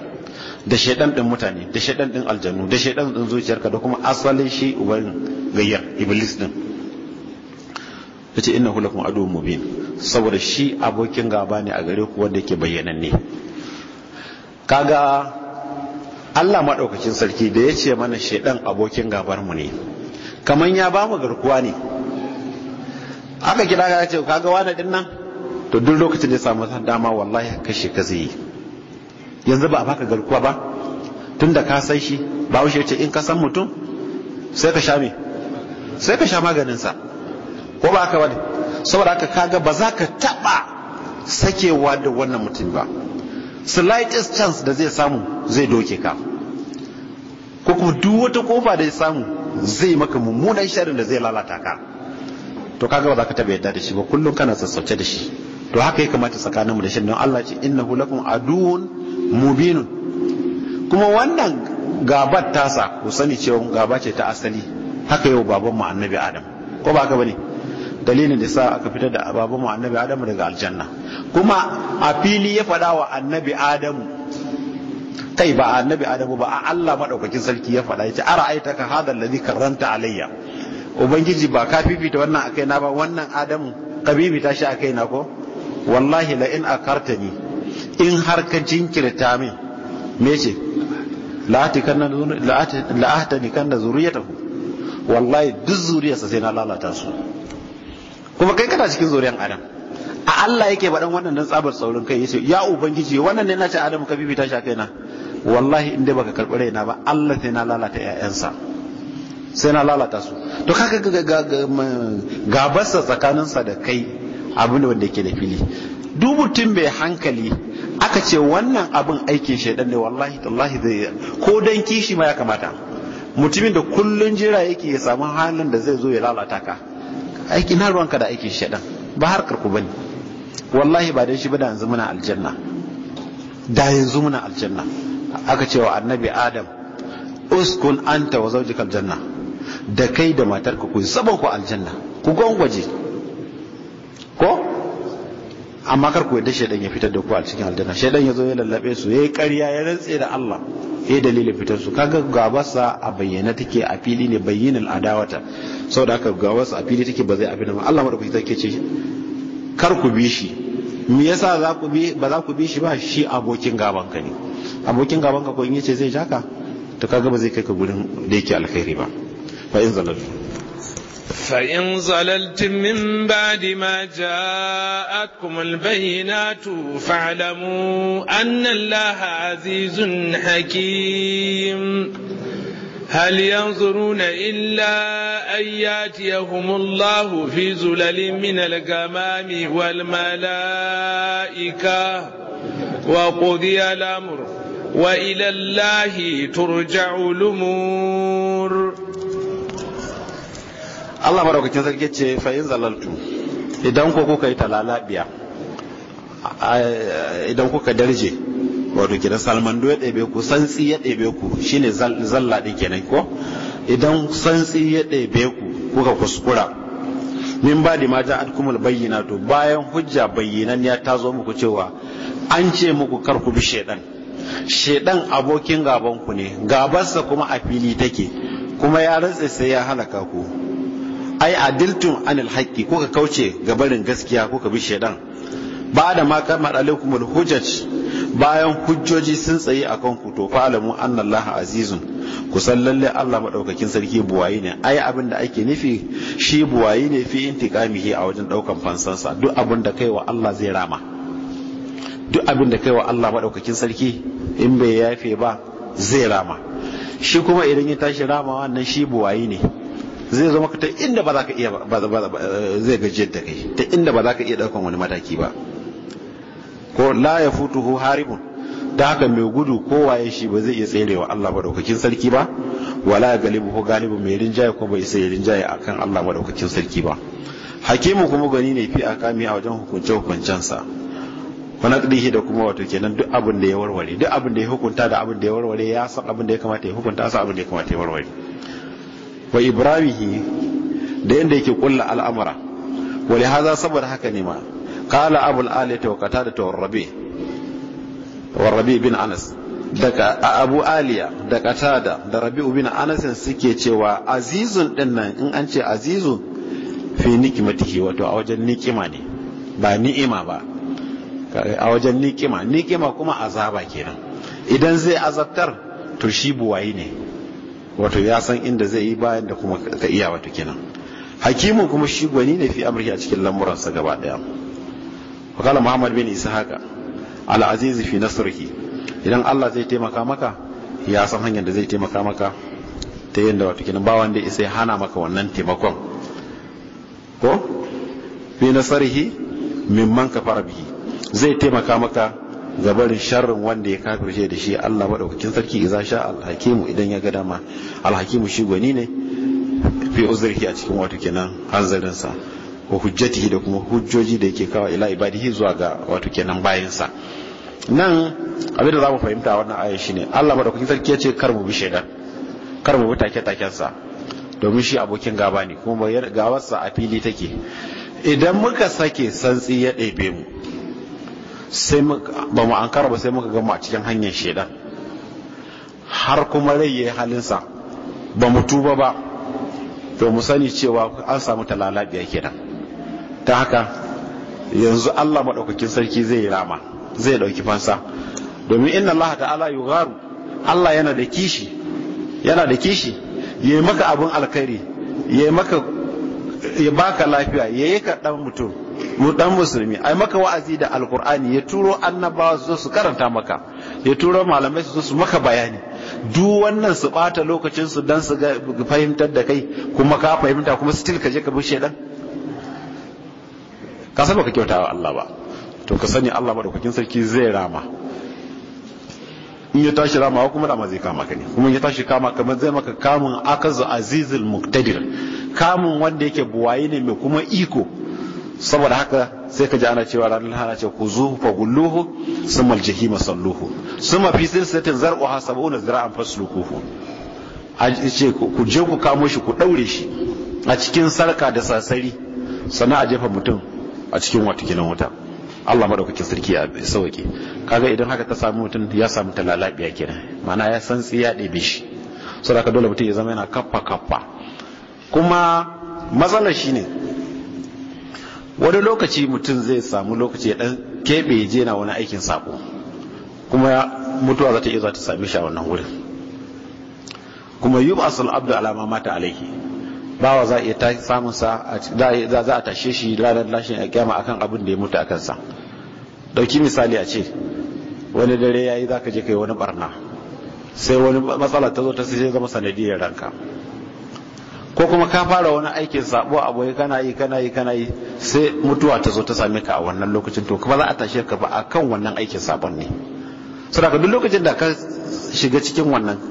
da shaitan din mutane da shaitan din aljanu, da shaitan din zuciyarka da kuma asalin shi uban gayyar iblis din ce innahu hulakun mu mubin saboda shi abokin gaba ne a gare ku wanda yake bayyananne kaga Allah maɗaukacin sarki da ya ce mana shaidan abokin gabar mu ne kamar ya ba mu garkuwa ne aka kira ya ce kaga wani din nan to duk lokacin da ya samu dama wallahi kashe ka zai yi yanzu ba a baka garkuwa ba tun da ka san shi ba wuce ce in ka san mutum sai ka sha me sai ka sha maganinsa ko ba haka wani saboda haka kaga ba za ka taɓa sakewa da wannan mutum ba slightest chance da zai samu zai doke ka ko kuma duk wata kofa da ya samu zai maka mummunan sharin da zai lalata ka to kaga ba za ka taba yadda da shi ba kullum kana sassauce da shi to haka ya kamata tsakanin mu da shi don Allah ce innahu lakum aduun mubinun kuma wannan gabar tasa ku sani cewa gaba ce ta asali haka yau baban mu annabi adam ko ba haka bane dalilin da sa aka fitar da baban mu annabi adam daga aljanna kuma a fili ya faɗa wa annabi adamu kai ba annabi adamu ba a Allah madaukakin sarki ya faɗa yace ara aitaka hadha alladhi karanta alayya ubangiji ba ka fifita wannan akai na ba wannan adamu kabibi tashi shi akai na ko wallahi la in akartani in har ka jinkirta min me ce la'atani kan da zuriyatahu wallahi duk zuriyarsa sai na lalata su kuma kai kana cikin zuriyar adam a Allah yake dan wannan dan tsabar saurin kai yace ya ubangiji wannan ne na ce ka bibita shi a kaina wallahi inda baka karɓi raina ba Allah sai na lalata ƴaƴansa sai na lalata su to kaga gabarsa tsakaninsa da kai abu ne wanda yake da fili duk mutum bai hankali aka ce wannan abin aikin shaidan ne wallahi tallahi zai ko dan kishi ma ya kamata mutumin da kullun jira yake ya samu halin da zai zo ya lalata ka aiki na ruwanka da aikin shaidan ba har karku bane wallahi ba dan shi ba da yanzu muna aljanna da yanzu muna aljanna aka ce wa annabi adam uskun anta wa zawjika aljanna da kai da matarka ku saban ku aljanna ku gwangwaje ko amma kar ku yadda shaidan ya fitar da ku a cikin aljanna shaidan ya zo ya lallabe su yayi ƙarya ya rantse da Allah ya dalilin fitar su kaga gabarsa a bayyana take a fili ne bayyinul adawata saboda haka gabarsa a fili take ba zai abin ba Allah madaukaki take ce kar ku bi shi me yasa za ku bi ba za ku bi shi ba shi abokin gaban ka ne abokin gaban ka ko in yace zai jaka to kaga ba zai kai ka gurin da yake alkhairi ba fa in zalal fa in zalalt min ba'di ma ja'akum albayinatu fa'lamu anna allah azizun hakim هل ينظرون إلا أن ياتيهم الله في زلل من الغمام والملائكة وقضي الأمر وإلى الله ترجع الأمور Allah madaukakin sarki ce fa in zalaltu idan ko kuka yi talalabiya idan kuka darje wato kenan salmando ya ɗebe ku santsi ya ɗebe ku shine zalla ɗin kenan ko idan santsi ya ɗebe ku kuka kuskura min ba ma ja'at bayyana bayyinatu bayan hujja bayyana ya zo muku cewa an ce muku kar ku bi shaidan shedan abokin gabanku ne gabarsa kuma a fili take kuma ya rantse sai ya halaka ku ai adiltum anil haqqi kuka kauce ga barin gaskiya kuka bi shedan ba da ma kamar alaikumul hujjaj bayan hujjoji sun tsaye a ku to fa alamu annallaha azizun ku san lalle Allah madaukakin sarki buwayi ne ai abin da ake nufi shi buwayi ne fi intiqamihi a wajen daukan fansansa duk abin da kaiwa Allah zai rama duk abin da kai wa Allah maɗaukakin sarki in bai yafe ba zai rama shi kuma idan ya tashi rama wannan shi buwayi ne zai zama ta inda ba za ka iya zai gajiyar da kai ta inda ba za ka iya ɗaukan wani mataki ba ko la ya futuhu harimun da haka mai gudu waye shi ba zai iya tserewa Allah maɗaukakin sarki ba wala galibu ko galibu mai rinjaye ko bai sai rinjaye akan Allah maɗaukakin sarki ba hakimu kuma gani ne fi kami a wajen hukunce hukuncensa wa da kuma wato kenan duk abin da ya warware duk abin da ya hukunta da abin da ya warware ya san abin da ya kamata ya hukunta san abin da ya kamata ya warware wa ibramihi da yanda yake kulla al'amara wa hadha saboda haka ne ma qala abul ali ta wakata da tawarrabi warrabi bin anas daga abu aliya da qatada da rabi'u bin anas suke cewa azizun nan in an ce azizun fi nikmatihi wato a wajen nikima ne ba ni'ima ba a wajen nikima nikima kuma azaba kenan idan zai azabtar to shi buwayi ne wato ya san inda zai yi bayan da kuma ka iya wato kenan hakimun kuma shi gwani ne fi amurki a cikin lamuransa gaba daya wakala muhammad bin isa haka al'azizi fi nasarki idan allah zai taimaka maka ya san hanyar da zai taimaka maka ta yadda wato kenan ba wanda isa ya hana maka wannan taimakon ko fi nasarihi mimman fara bihi zai taimaka maka ga barin sharrin wanda ya kafirce da shi Allah madaukakin sarki za sha alhakimu idan ya ga dama alhakimu shi gwani ne fi uzurki a cikin wato kenan hanzarin sa wa hujjatihi da kuma hujjoji da yake kawo ila ibadihi zuwa ga wato kenan bayansa nan abin da za mu fahimta wannan aya shine Allah madaukakin sarki ya ce kar mu bi shaidan kar mu bi take taken sa domin shi abokin gaba ne kuma gawar sa a fili take idan muka sake santsi ya ɗebe mu sai ba mu an ba sai muka gama a cikin hanyar shaida har kuma rai ya yi halinsa ba mu tuba ba to mu sani cewa an samu talalabiya kenan ta haka yanzu Allah maɗaukakin sarki zai yi rama zai ɗauki fansa domin inna Allah ta'ala yugharu Allah yana da kishi yana da kishi ya yi maka abin alkhairi ya yi maka ya baka lafiya ya yi ka mutum mu dan musulmi ai maka wa'azi da alqur'ani ya turo annabawa su su karanta maka ya turo malamai su su maka bayani duk wannan su bata lokacin su dan su fahimtar da kai kuma ka fahimta kuma still ka je ka bi shedan ka san baka ka wa Allah ba to ka sani Allah ba dokokin sarki zai rama in ya tashi rama kuma ma zai kama ka ne kuma ya tashi kama kamar zai maka kamun akazu azizul muktadir kamun wanda yake buwaye ne mai kuma iko saboda haka sai ka ji ana cewa ranar lahara ce ku zuhu fa gulluhu summa aljahima salluhu summa fi silsilatin zar'uha sab'una zira'an fasluquhu ce ku je ku kamo shi ku ɗaure shi a cikin sarka da sasari sana a jefa mutum a cikin wata kinan wuta Allah madaukakin sarki ya sauke kaga idan haka ta sami mutum ya samu ta lalabiya kenan ma'ana ya san tsiya ɗebe shi saboda dole mutum ya zama yana kaffa kaffa kuma matsalar shine wani lokaci mutum zai samu lokaci ya dan keɓe ya je na wani aikin sako kuma mutuwa za ta iya za ta sami shi wannan wurin kuma yi ba abdu alama mata alaihi bawa za a iya samun sa za a tashe shi ranar lashin a kyama akan abin da ya mutu a kansa dauki misali a ce wani dare yayi za ka je kai wani barna sai wani matsala ta zo ta sai zama sanadiyar ranka ko kuma ka fara wani aikin sabo a ya kana yi kana yi kana yi sai mutuwa ta zo ta same ka a wannan lokacin to ba za a tashe ka ba a kan wannan aikin sabon ne saboda duk lokacin da ka shiga cikin wannan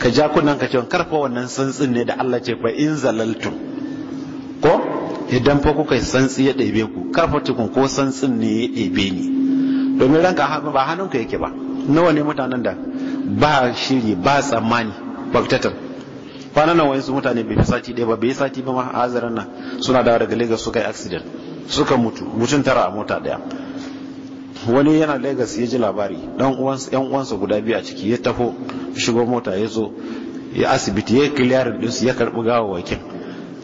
ka ja kunnan ka ce karfa wannan santsin ne da Allah ce fa in zalaltu ko idan fa kuka santsi ya ɗebe ku karfa tukun ko santsin ne ya ɗebe ni domin ranka ba hannunka yake ba nawa ne mutanen da ba shiri ba tsammani baktatar kwanan nan wayansu mutane bai fi sati ɗaya ba bai sati ba ma hazarin nan suna dawo daga Lagos suka yi accident suka mutu mutum tara a mota ɗaya wani yana Lagos ya ji labari dan uwansa guda biyu a ciki ya taho shigo mota ya zo ya asibiti ya kiliyarin ɗin su ya karbi gawawwakin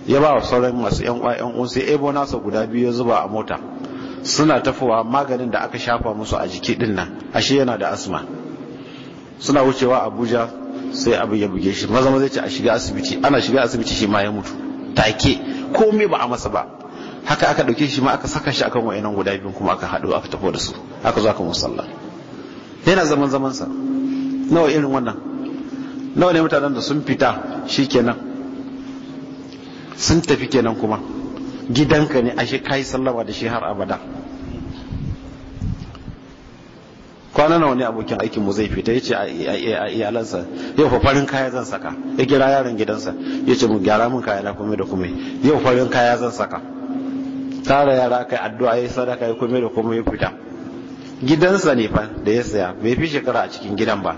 ya ba wa sauran masu yan uwa yan uwansa ya ebo nasa guda biyu ya zuba a mota suna tafowa maganin da aka shafa musu a jiki ɗin nan ashe yana da asma suna wucewa Abuja sai abu ya buge shi maza maza ce a shiga asibiti ana shiga asibiti shi ma ya mutu take komai ba a masa ba haka aka dauke shi ma aka saka shi akan wayanan guda biyu kuma aka haɗu aka tafi da su aka zo aka musalla yana zaman zaman sa nawa irin wannan nawa ne mutanen da sun fita shikenan sun tafi kenan kuma gidanka ne ashe kai sallama da shi har abada kwana nawa ne abokin aikin mu zai fita yace a iyalansa yau fa farin kaya zan saka ya kira yaran gidansa yace mu gyara mun kaya na kuma da komai yau farin kaya zan saka tara yara kai addu'a yayi sadaka yayi kuma da kuma ya fita gidansa ne fa da ya saya bai fi shekara a cikin gidan ba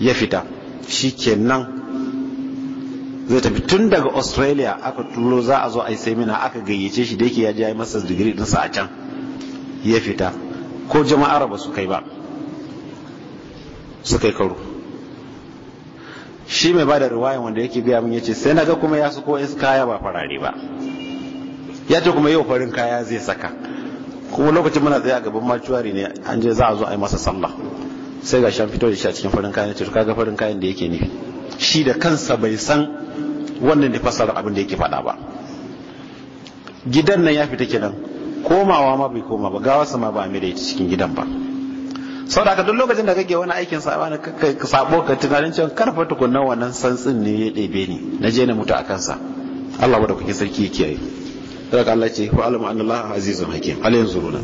ya fita shikenan zai tafi tun daga australia aka turo za a zo a yi semina aka gayyace shi da yake ya ji ya yi masa digiri sa a can ya fita ko jama'ar ba su kai ba su kai karo shi mai ba da riwayan wanda yake biya min yace sai naga kuma ya su ko is kaya ba farare ba ya ce kuma yau farin kaya zai saka kuma lokacin muna tsaye a gaban macuwari ne an je za a zo a yi masa sallah sai ga shan fito da shi a cikin farin kayan ce kaga farin kayan da yake ne shi da kansa bai san wannan da fasara abin da yake faɗa ba gidan nan ya fita kenan komawa ma bai koma ba gawarsa ma ba mai da ita cikin gidan ba saboda aka duk lokacin da kake wani aikin sabo ka sabo ka tunanin cewa karfa tukunnan wannan santsin ne ya ɗebe ni na je na mutu a kansa Allah da kuke sarki ya kiyaye daga Allah ce wa alamu annallaha azizun hakim al yanzuruna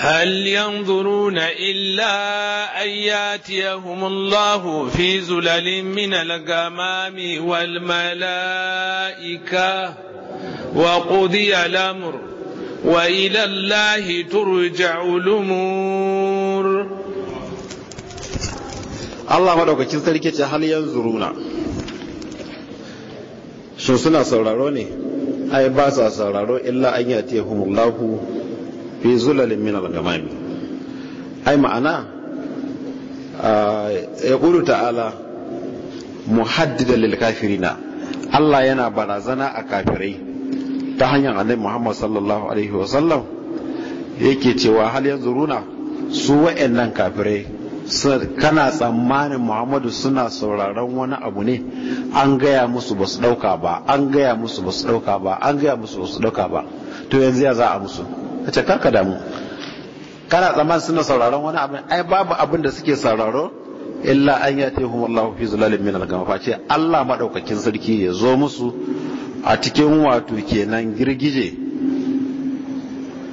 هل ينظرون إلا أن ياتيهم الله في زلل من الغمام والملائكة وقضي الأمر وإلى الله ترجع الأمور Allah madaukakin sarki ce hal runa. shin suna sauraro ne ai ba sa sauraro illa an yatihumullahu fi zulalin min al gamami. ai ma'ana ya ƙudu ta'ala muhaddida lil kafirina Allah yana barazana a kafirai ta hanyar annabi Muhammad sallallahu alaihi wasallam yake cewa hal yanzu runa su wa'annan kafirai kana tsammanin Muhammadu suna sauraron wani abu ne an gaya musu ba su dauka ba an gaya musu ba su dauka ba an gaya musu ba su dauka ba to yanzu ya za a musu kace karka damu kana tsammanin suna sauraron wani abu ai babu abin da suke sauraro illa an yatihum Allahu fi zulalin min al-ghamam ce Allah madaukakin sarki ya zo musu a cikin wato kenan girgije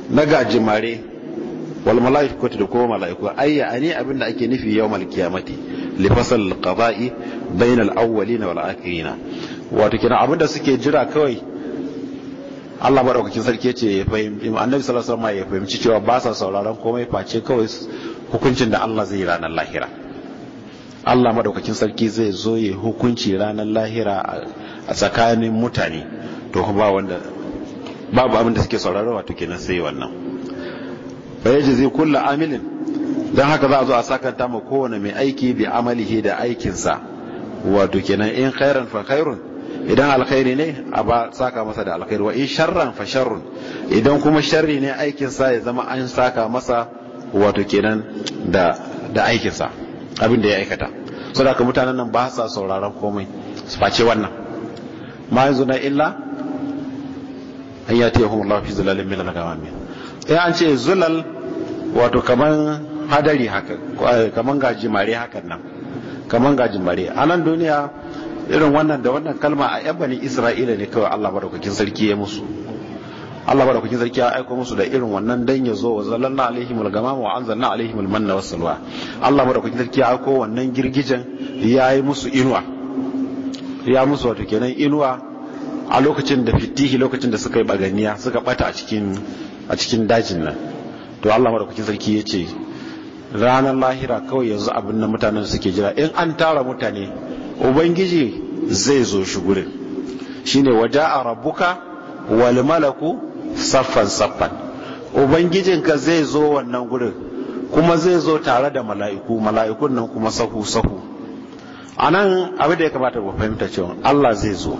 na gajimare wal mala'ikatu da kuma mala'iku ayya ani abinda ake nufi mal kiyamati li fasal qada'i bayna al awwalina wal akhirina wato kenan abinda suke jira kawai Allah madaukakin sarki yace ya fahimci annabi sallallahu alaihi wasallam ya fahimci cewa ba sa sauraron komai face kawai hukuncin da Allah zai yi ranar lahira Allah maɗaukakin sarki zai zo ya hukunci ranar lahira a tsakanin mutane to ba wanda babu abin da suke sauraro wato kenan sai wannan bayaji zai kulla amilin don haka za a zo a sakanta ma kowane mai aiki bi amalihi da aikinsa wato kenan in khairan fa khairun idan alkhairi ne a ba saka masa da alkhairi wa in sharran fa sharrun idan kuma sharri ne aikinsa ya zama an saka masa wato kenan da da aikinsa abin da ya aikata saboda ka mutanen nan ba sa sauraron komai su face wannan ma yanzu na illa an ya ta yahun Allah fi zulalin min al-gawami sai eh, an ce zulal wato kaman hadari haka kaman gajimare hakan nan kaman gajimare a nan duniya irin wannan da wannan kalma a yan bani Isra'ila ne kawai Allah madaukakin sarki ya musu Allah ba da kuke sarki ya aiko musu da irin wannan dan ya zo wa zallanna alaihim al wa anzalna alaihim almanna manna Allah ba da kuke sarki ya aiko wannan girgijen yayi musu inuwa ya musu wato kenan inuwa a lokacin da fitihi lokacin da suka yi baganiya suka bata a cikin a cikin dajin nan to Allah ba da kuke sarki ya ce ranar lahira kawai yanzu abin da mutanen suke jira in an tara mutane ubangiji zai zo shi gurin shine waja'a rabbuka wal malaku saffan saffan ubangijinka zai zo wannan gurin kuma zai zo tare da mala'iku mala'ikun nan kuma sahu sahu a nan abu da ya kamata ku fahimta cewa Allah zai zo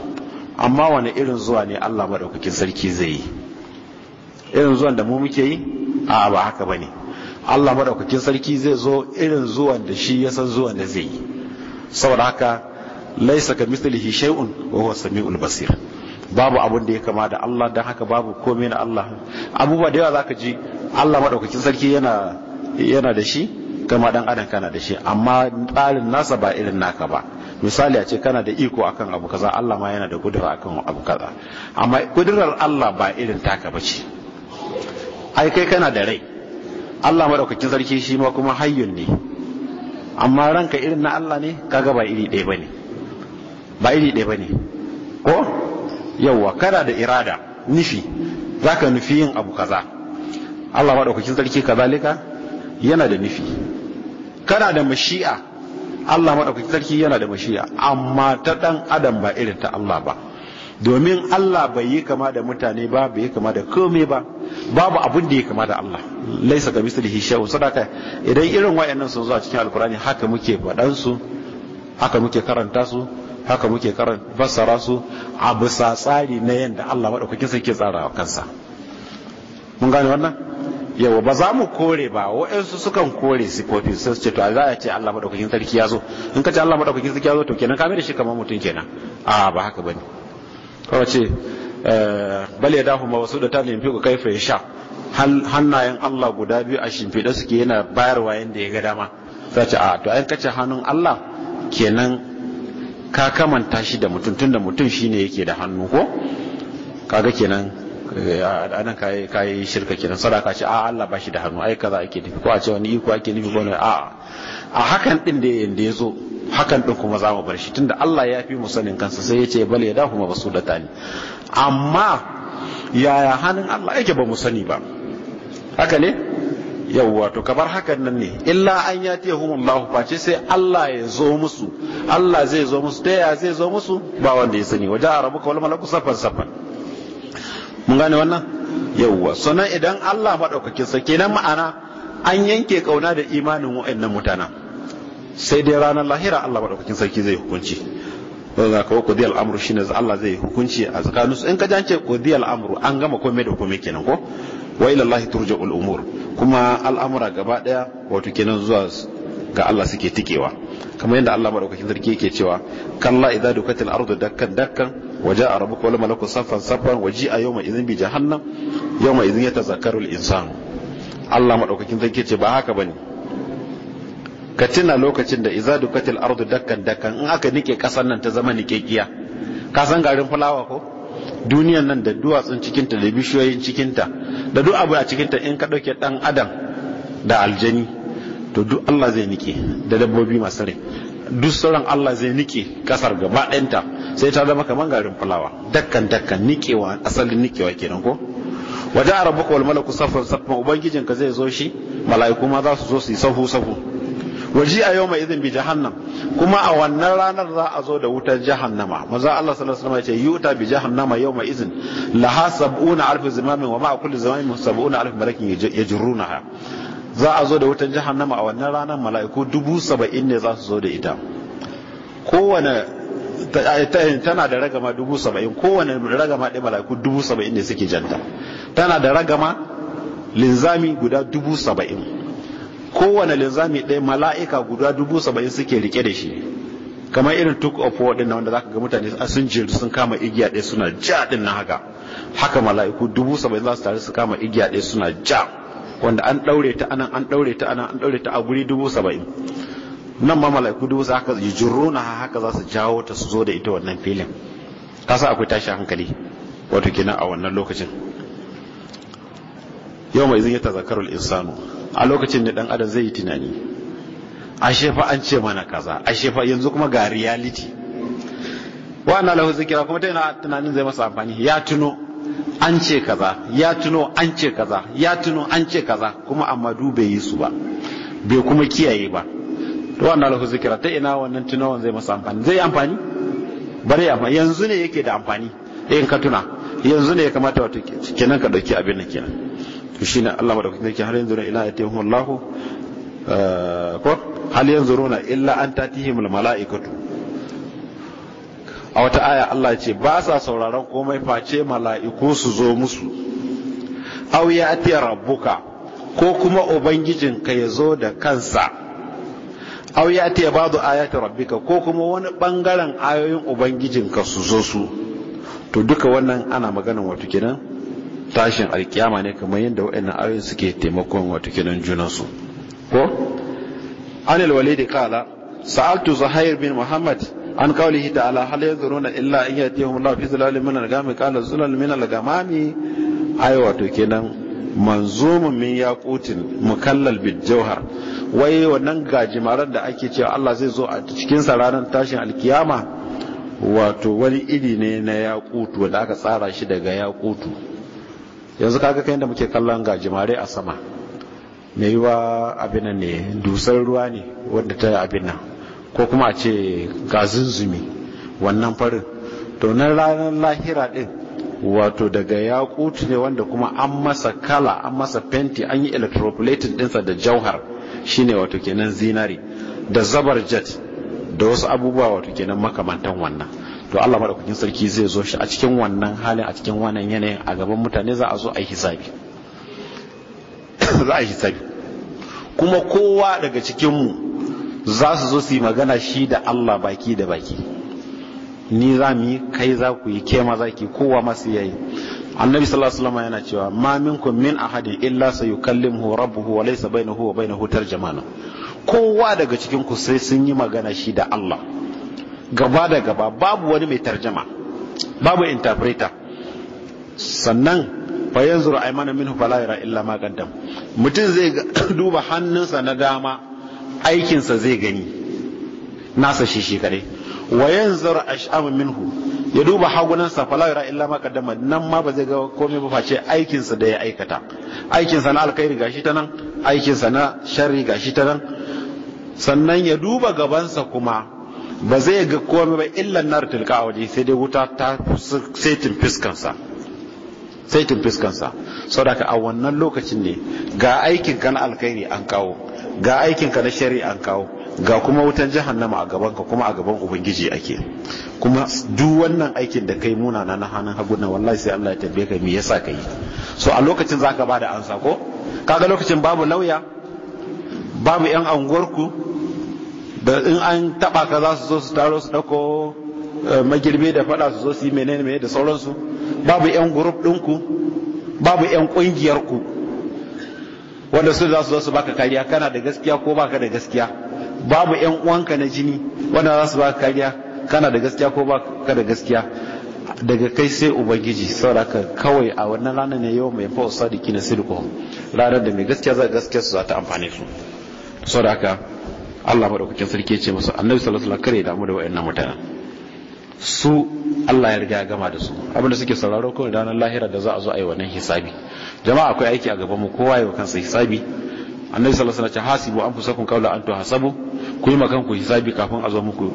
amma wani irin zuwa ne Allah maɗaukakin sarki zai yi irin zuwan da mu muke yi a ba haka ba ne Allah maɗaukakin sarki zai zo irin zuwan da shi ya san zuwan da zai yi saboda haka laisa ka mislihi shay'un wa huwa samiul basir babu abin da ya kama da Allah don haka babu komai na Allah abubuwa da yawa za ka ji Allah madaukakin sarki yana yana da shi kama dan adam kana da shi amma tsarin nasa ba irin naka ba misali a ce kana da iko akan abu kaza Allah ma yana da kudura akan abu kaza amma kudurar Allah ba irin taka ce ai kai kana da rai Allah maɗaukakin sarki shi ma kuma hayyun ne amma ranka irin na Allah ne kaga ba iri ɗaya ne. ba iri ɗaya ne, ko yawwa kana da irada nufi ka nufi yin abu kaza Allah ɗaukakin sarki kazalika yana da nufi kana da mashi'a Allah ɗaukakin sarki yana da mashi'a amma ta ɗan adam ba irin ta Allah ba domin Allah bai yi kama da mutane ba bai yi kama da komai ba babu abin da ya kama da Allah laisa ga mislihi shay'un sadaka idan irin wayannan sun zo a cikin alkurani haka muke faɗan su haka muke karanta su haka muke karar fassara su a bisa tsari na yadda Allah maɗaukakin ke tsara kansa mun gane wannan yawa ba za mu kore ba wa'ansu sukan kore su sai su ce to za a ce Allah madaukakin sarki ya zo in ka ce Allah madaukakin sarki ya zo to kenan ka mai da shi kamar mutum kenan a ba haka ba ne kawai ce eh, bal ya dahu ma wasu da ta nemi ku kaifa ya sha hannayen Allah guda biyu a shimfiɗe suke yana bayarwa yadda ya ga dama sai ce a to an kace hannun Allah kenan ka kamanta shi da mutum tun da mutum shi ne yake da hannu ko kaga kenan eh, nan ka kayi shirka kenan sadaka ce a Allah ba shi da hannu ai kaza ake nufi ko a ce wani iko ake nufi ko a a hakan din da yanda ya zo hakan din kuma za mu bar shi tunda Allah ya fi mu sanin kansa sai ya ce bal ya dahu mabsudatani amma yaya hannun Allah yake ba mu sani ba haka ne yawwa to kamar hakan nan ne illa an ya te Allah face sai Allah ya zo musu Allah zai zo musu ta ya zai zo musu ba wanda ya sani wajen arabuka wal malaku safan safan mun gane wannan yawwa sannan idan Allah madaukakin sa kenan ma'ana an yanke kauna da imanin wa'annan mutanen sai dai ranar lahira Allah madaukakin sarki zai hukunci don za ka wa kodiyar amru shine Allah zai hukunci a tsakaninsu in ka jance kodiyar amru an gama komai da komai kenan ko wa ila Allah turja'ul umur kuma al'amura gaba daya wato kenan zuwa ga Allah suke tikewa kamar yadda Allah madaukakin sarki yake cewa kalla idza dukatil ardu dakkan dakkan ja'a rabbuka wal malaku saffan saffan wa a yawma idzin bi jahannam yawma idzin yatazakkaru al insanu Allah madaukakin sarki ce ba haka bane ka tuna lokacin da idza dukatil ardu dakkan dakkan in aka nike kasan nan ta zama nikekiya ka san garin fulawa ko duniyan nan da duwatsun cikinta da bishiyoyin cikinta da duk abu a cikinta in ka ɗauke ɗan adam da aljani to duk Allah zai nike da dabbobi masu rai duk sauran Allah zai nike kasar gaba ɗanta sai ta zama kamar garin fulawa dakkan dakkan nikewa asalin nikewa kenan ko waje a wal malaku safan safan ubangijinka zai zo shi mala'iku ma za su zo su yi sahu sahu waji a yau mai izin bi jahannam kuma a wannan ranar za a zo da wutar jahannama maza Allah sallallahu alaihi wasallam ya ce yuta bi jahannama yau mai izin laha sab'una alf zimamin wa ma kulli zimamin sab'una alf malakin yajruna za a zo da wutar jahannama a wannan ranar mala'iku dubu saba'in ne za su zo da ita kowane tana da ragama dubu saba'in kowane ragama ɗaya mala'iku dubu saba'in ne suke janta tana da ragama linzami guda dubu saba'in kowane linzami ɗaya mala'ika guda dubu saba'in suke rike da shi kamar irin took of war din wanda zaka ga mutane sun jiru sun kama igiya ɗaya suna ja ɗin na haka haka mala'iku dubu saba'in za su tare su kama igiya ɗaya suna ja wanda an ɗaure ta anan an ɗaure ta anan an ɗaure ta a guri dubu saba'in nan ma mala'iku dubu sa haka na haka za su jawo ta su zo da ita wannan filin kasa akwai tashi hankali wato kina a wannan lokacin yau mai zai ta zakarul insanu a lokacin da dan adam zai yi tunani ashe fa an ce mana kaza ashe fa yanzu kuma ga reality wa ana lahu zikira kuma ta yana tunanin zai masa amfani ya tuno an ce kaza ya tuno an ce kaza ya tuno an ce kaza kuma amma dube yi su ba bai kuma kiyaye ba to wa ana lahu zikira ta ina wannan tunawan zai masa amfani zai amfani bare ya yanzu ne yake da amfani in ka tuna yanzu ne ya kamata wato kenan ka dauki abin nan kenan to shine Allah madaukakin sarki har yanzu ila yatihum Allah eh, ko hal yanzuruna illa an tatihim malaikatu a wata aya Allah ya ce ba sa sauraron komai face mala'iku su zo musu aw ya atiya rabbuka ko kuma ka ya zo da kansa aw ya atiya bazu ayati rabbika ko kuma wani bangaren ayoyin ubangijin ka su zo su to duka wannan ana maganan wato kenan tashin alkiyama ne kamar yadda wa'annan ayoyin suke taimakon wato kinan junansu ko an da kala sa'altu zuhair bin muhammad an ala halayen hal na illa an yatihum Allah fi zilalin min al kala zulal min al-ghamami wato kenan manzumin min yaqutin mukallal bil jawhar wai wannan gajimaran da ake cewa Allah zai zo a cikin sa ranar tashin alkiyama wato wani iri ne na Yakutu wanda aka tsara shi daga Yakutu. yanzu kaga kai da muke kallon gajimare a sama mai yiwa abin nan ne dusar ruwa ne wadda ta abin nan ko kuma a ce gazunzumi wannan farin to na ranar lahira din wato daga yakut ne wanda kuma an masa kala an masa fenti an yi electroplating dinsa da jauhar shine wato kenan zinari da zabar jet da wasu abubuwa wato kenan makamantan wannan to Allah madaukakin sarki zai zo shi a cikin wannan halin a cikin wannan yanayin a gaban mutane za a zo a yi hisabi za a yi hisabi kuma kowa daga cikinmu za su zo su yi magana shi da Allah baki da baki ni za mu yi kai za ku yi kema za ki kowa masu yayi annabi sallallahu alaihi yana cewa ma minkum min ahadin illa sayukallimuhu rabbuhu wa laysa bainahu wa bainahu tarjamana kowa daga cikin ku sai sun yi magana shi da Allah gaba da gaba babu wani mai tarjama babu interpreter sannan bayan yanzu aimanin minhu falayira illa ma qaddam mutum zai duba hannunsa na dama aikinsa zai gani nasa shi shi kadai wa yanzur ash'am minhu ya duba hagunansa falayira illa ma qaddama nan ma ba zai ga komai ba face aikinsa da ya aikata aikinsa na alkhairi gashi ta nan aikinsa na sharri shi ta nan sannan ya duba gabansa kuma ba zai ga komai ba illan nar tilka a waje sai dai wuta ta saitin fiskansa saitin fiskansa saboda a wannan lokacin ne ga aikin ka na alkhairi an kawo ga aikin ka na shari'a an kawo ga kuma wutan jahannama a gaban ka kuma a gaban ubangiji ake kuma duk wannan aikin da kai munana na hannun hagu na wallahi sai Allah ya tabbe ka me yasa yi? so a lokacin zaka da ansa ko kaga lokacin babu lauya babu yan anguwarku da in an taba ka za su zo su taro su dauko eh, magirbe da fada su zo su yi menene menene da sauransu babu yan group ɗinku babu yan kungiyar ku wanda su za su zo su baka kariya kana da gaskiya ko baka da gaskiya babu yan uwanka na jini wanda za su baka kariya kana da gaskiya ko baka da gaskiya daga kai sai ubangiji sauraka kawai a wannan ranar ne yau mai fa'o sadiki na sirko ranar da mai gaskiya za gaskiya su za ta amfane su sauraka Allah madaukakin sarki ya ce musu annabi sallallahu alaihi wasallam kare damu da wayannan mutane su Allah ya riga ya gama da su abinda suke sauraro kawai ranar lahira da za a zo a yi wannan hisabi jama'a akwai aiki a gaban mu kowa ya kansa hisabi annabi sallallahu alaihi wasallam ya hasibu fusakun qawla an hasabu ku yi makan ku hisabi kafin a zo muku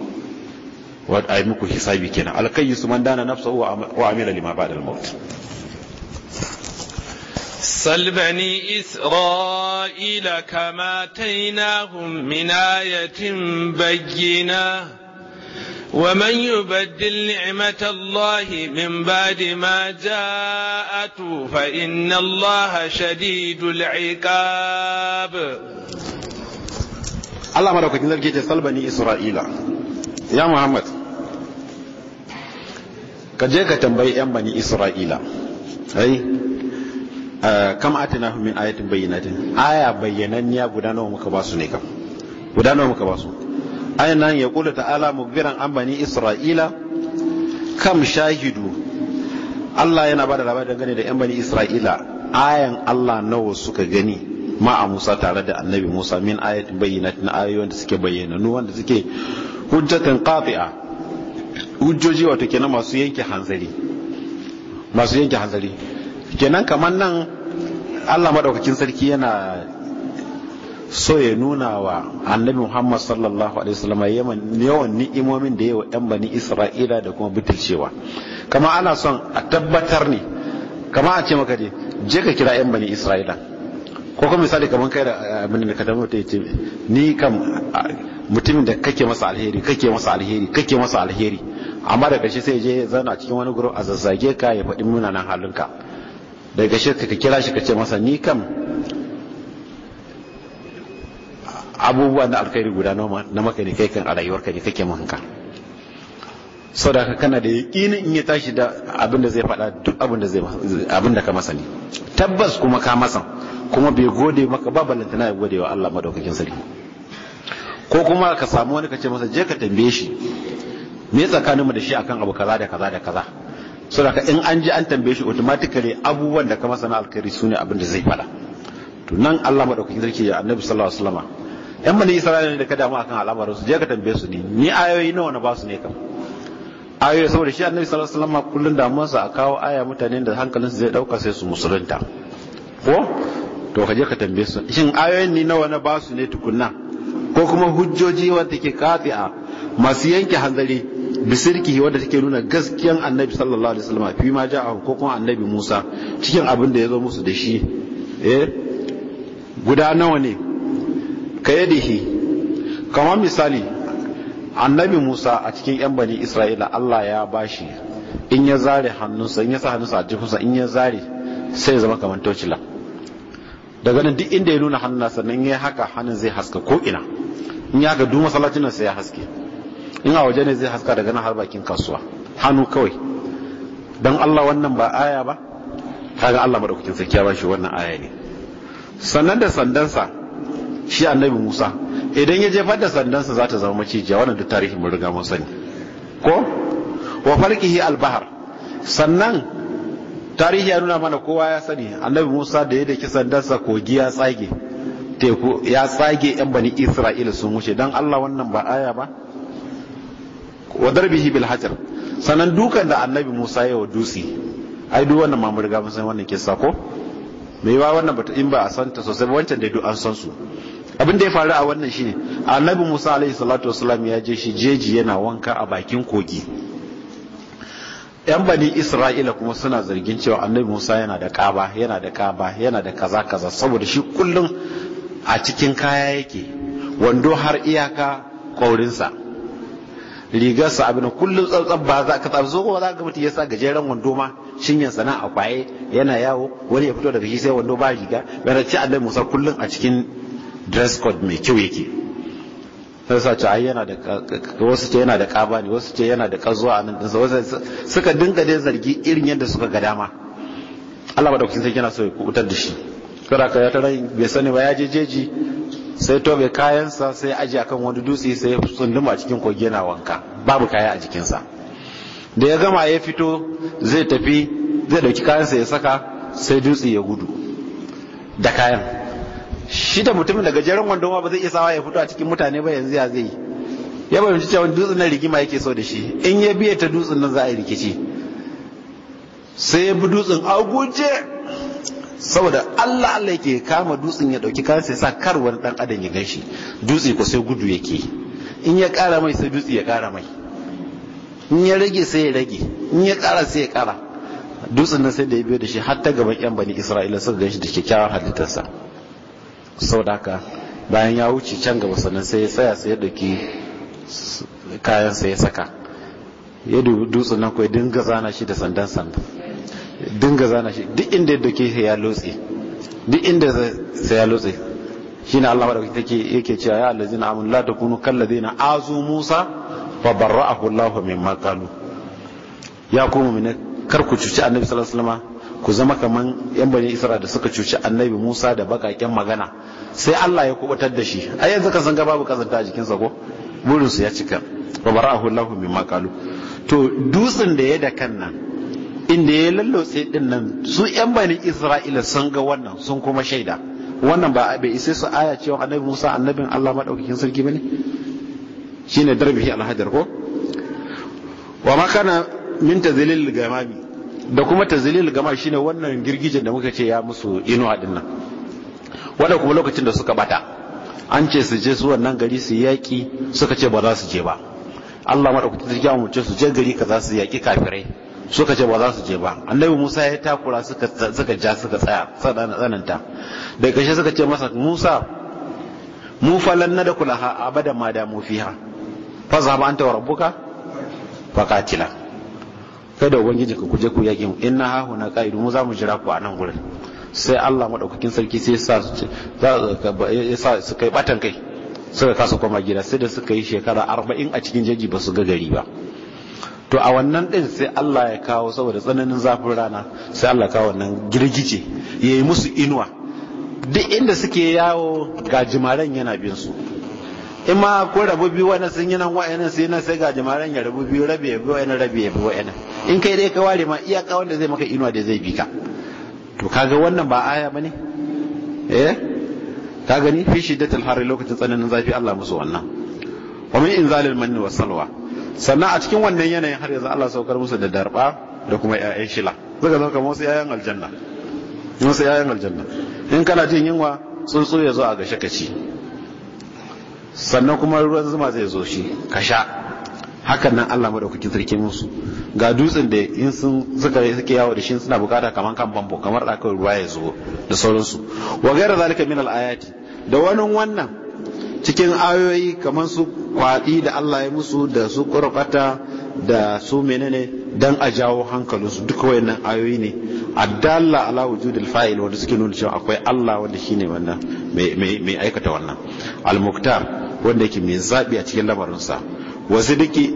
wa ai muku hisabi kenan alkayyisu man dana nafsahu wa amila lima ba'da al-maut سل بني إسرائيل كما تيناهم من آية بينة ومن يبدل نعمة الله من بعد ما جاءته فإن الله شديد العقاب Allah madaukakin zargi ce salbani Isra'ila, ya Muhammad, ka je ka tambayi ‘yan bani Isra'ila, Eh, kama atina min ayatin bayyinatin aya bayyananniya guda nawa muka ba su ne kam guda nawa muka ba su ayan nan ya kula ta'ala mugbiran an bani isra'ila kam shahidu Allah yana ba da labarin dangane da yan bani isra'ila ayan Allah nawa suka gani a Musa tare da annabi Musa min ayatin aya ayoyin da suke nu wanda suke hujjatan qati'a hujjoji wato kenan masu yanke hanzari masu yanke hanzari kenan kamar nan allah maɗaukakin sarki yana so ya nuna wa annabi muhammad sallallahu alaihi wasallam yawan ni'imomin da yawa yan bani isra'ila da kuma butulcewa kama ana son a tabbatar ne kama a ce maka je je ka kira yan bani isra'ila ko kuma misali kamar kai da eh, abin da ka damu ta ce ni kam mutumin da kake masa alheri kake masa alheri kake masa alheri amma da shi sai je zana cikin wani gurin a zazzage ka ya faɗi munanan halinka daga shirka ka kira shi ka ce masa ni kam abubuwa na alkhairi guda na maka ne kai kan a rayuwarka ne kake manka sau da kana da yaƙinin in ya tashi da da zai faɗa duk da ka masa ne tabbas kuma ka masa kuma bai gode maka ba ballantana ya gode wa Allah madaukakin sarki ko kuma ka samu wani ka ce masa je ka tambaye shi me tsakaninmu da shi akan abu kaza da kaza da kaza saboda in an ji an tambaye shi automatically abubuwan da kama sana alkhairi su ne abin da zai faɗa to nan Allah madaukakin sarki ya annabi sallallahu alaihi wasallam yan bani isra'ila ne da ka damu akan al'amarin su je ka tambaye su ne ni ayoyi nawa na ba su ne kam ayoyi saboda shi annabi sallallahu alaihi wasallam kullun sa a kawo aya mutanen da su zai dauka sai su musulunta ko to ka je ka tambaye su shin ayoyin ni nawa na ba su ne tukunna ko kuma hujjoji wanda ke kafi'a masu yanke hanzari bisirki wadda take nuna gaskiyan annabi sallallahu alaihi wasallam fi ma ja'a ko kuma annabi Musa cikin abin da ya zo musu da shi eh guda nawa ne ka yadihi kamar misali annabi Musa a cikin yan bani Isra'ila Allah ya bashi in ya zare hannunsa in ya sa hannunsa a jikinsa in ya zare sai ya zama kamar tocila daga nan duk inda ya nuna hannunsa nan ya haka hannun zai haska ko ina in ya ga duk masallacin nan sai ya haske in a waje ne zai haska daga nan har bakin kasuwa hannu kawai don Allah wannan ba aya ba kaga Allah madaukakin sarki ya bashi wannan aya ne sannan da sandansa shi annabi Musa idan ya jefar da sandansa za ta zama macijiya wannan duk tarihi mun riga mun sani ko wa farqihi al sannan tarihi ya nuna mana kowa ya sani annabi Musa da ya daki sandansa kogi ya tsage teku ya tsage yan bani Isra'ila sun wuce dan Allah wannan ba aya ba wa darbihi bil hajar sanan dukan da annabi Musa ya wa dutse ai duk wannan ma riga mun san wannan kissa ko mai yawa wannan bata in ba a santa sosai ba wancan da duk an san su abin da ya faru a wannan shine annabi Musa alaihi salatu wassalam ya je shi jeji yana wanka a bakin kogi yan bani Isra'ila kuma suna zargin cewa annabi Musa yana da kaba yana da kaba yana da kaza kaza saboda shi kullum a cikin kaya yake wando har iyaka kaurinsa rigarsa abin kullum tsantsan ba za ka tsaba zo ba za ka mutum ya sa gajeren wando ma shinyan sana a kwaye yana yawo wani ya fito daga shi sai wando ba riga bayan ci Allah Musa kullum a cikin dress code mai kyau yake sai sa ce yana da wasu ce yana da kaba ne wasu ce yana da kazuwa nan din wasu suka dinga dai zargi irin yadda suka ga dama Allah madaukakin sai yana so ya kubutar da shi kada ka ya tarai bai sani ba ya je jeji sai tobe kayansa sai aji akan wani dutse sai tsunduma cikin kogi yana wanka babu kaya a jikinsa da ya gama ya fito zai tafi zai dauki kayansa ya saka sai dutse ya gudu da kayan shi da mutumin daga jerin wando ba zai iya sawa ya fito a cikin mutane ba yanzu ya zai ya fahimci cewa dutsen nan rigima yake so da shi in ya biya ta dutsen nan za a yi rikici sai ya bi dutsen a guje saboda Allah Allah yake kama dutsen ya dauki kan sai sa kar wani dan adam ya ganshi dutse ko sai gudu yake in ya kara mai sai dutse ya kara mai in ya rage sai ya rage in ya kara sai ya kara dutsen nan sai da ya biyo da shi har ta gaban yan bani Isra'ila suka ganshi da kyakkyawar halittarsa saboda haka bayan ya wuce can gaba sannan sai ya tsaya sai ya dauki kayan sai ya saka ya dutsen nan ko ya dinga zana shi da sandan sandan dinga zana shi duk inda doke sai ya lotse duk inda sai ya lotse shine Allah ba da take yake cewa ya allazina amanu la takunu kal ladina azu Musa wa barra'ahu Allah mimma qalu ya kuma min kar ku cuci annabi sallallahu alaihi wasallam ku zama kaman yan bani isra da suka cuci annabi Musa da bakaken magana sai Allah ya kubutar da shi ai yanzu ka san ga babu kazanta a jikinsa ko burinsu ya cika wa bara'ahu Allah mimma qalu to dutsen da ya da kan nan inda ya lallose din nan su yan bani isra'ila sun ga wannan sun kuma shaida wannan ba a bai isai su aya cewa annabi musa annabin allah maɗaukakin sarki bane shine darbihi alhadar ko wa ma kana min tazlil gamami da kuma tazlil gama shine wannan girgijin da muka ce ya musu inuwa din nan wanda kuma lokacin da suka bata an ce su je su wannan gari su yaki suka ce ba za su je ba Allah maɗaukacin sarki ya umarce su je gari ka za su yaki kafirai suka ce ba za su je ba annabi musa ya takura suka ja suka tsaya tsananta daga shi suka ce masa musa mu falan na da ha abada ma da mu fiha fa za ba anta wa rabbuka fa qatila kai da ubangiji ka kuje ku yakin inna ha huna qaidu mu za mu jira ku a nan gurin sai Allah madaukakin sarki sai ya sa su kai batan kai suka kasa koma gida sai da suka yi shekara arba'in a cikin jeji ba su ga gari ba to a wannan din sai Allah ya kawo saboda tsananin zafin rana sai Allah kawo wannan girgije ya yi musu inuwa duk inda suke yawo gajimaren yana bin su in ma ko rabu biyu wani sun yi nan wa'ina sai nan sai gajimaren ya rabu biyu rabi ya bi wa'ina rabi ya bi wa'ina in kai dai ka ware ma iyaka wanda zai maka inuwa da zai bi ka to kaga wannan ba aya bane eh ka gani fi shiddatil har lokacin tsananin zafi Allah musu wannan wa min inzalil manni was salwa sannan a cikin wannan yanayin har yanzu Allah saukar musu da darba da kuma ƴaƴan shila zaka zama kamar wasu ƴaƴan aljanna wasu ƴaƴan aljanna in kana jin yunwa tsuntsu ya zo a gashe ka ci sannan kuma ruwan zuma zai zo shi ka sha hakan nan Allah madaukakin sarki musu ga dutsen da in sun suka suke yawo da shi suna bukata kamar kan bambo kamar da kawai ruwa ya zo da sauransu wa gaira zalika min al ayati da wani wannan cikin ayoyi kamar su kwaɗi da Allah ya musu da su ƙurɓata da su menene don a jawo hankalinsu duka wayannan ayoyi ne a dala ala wujudil fa'il wanda suke nuna cewa akwai Allah wanda shine wannan mai aikata wannan al-muktar wanda yake mai zabi a cikin labarinsa wa sidiki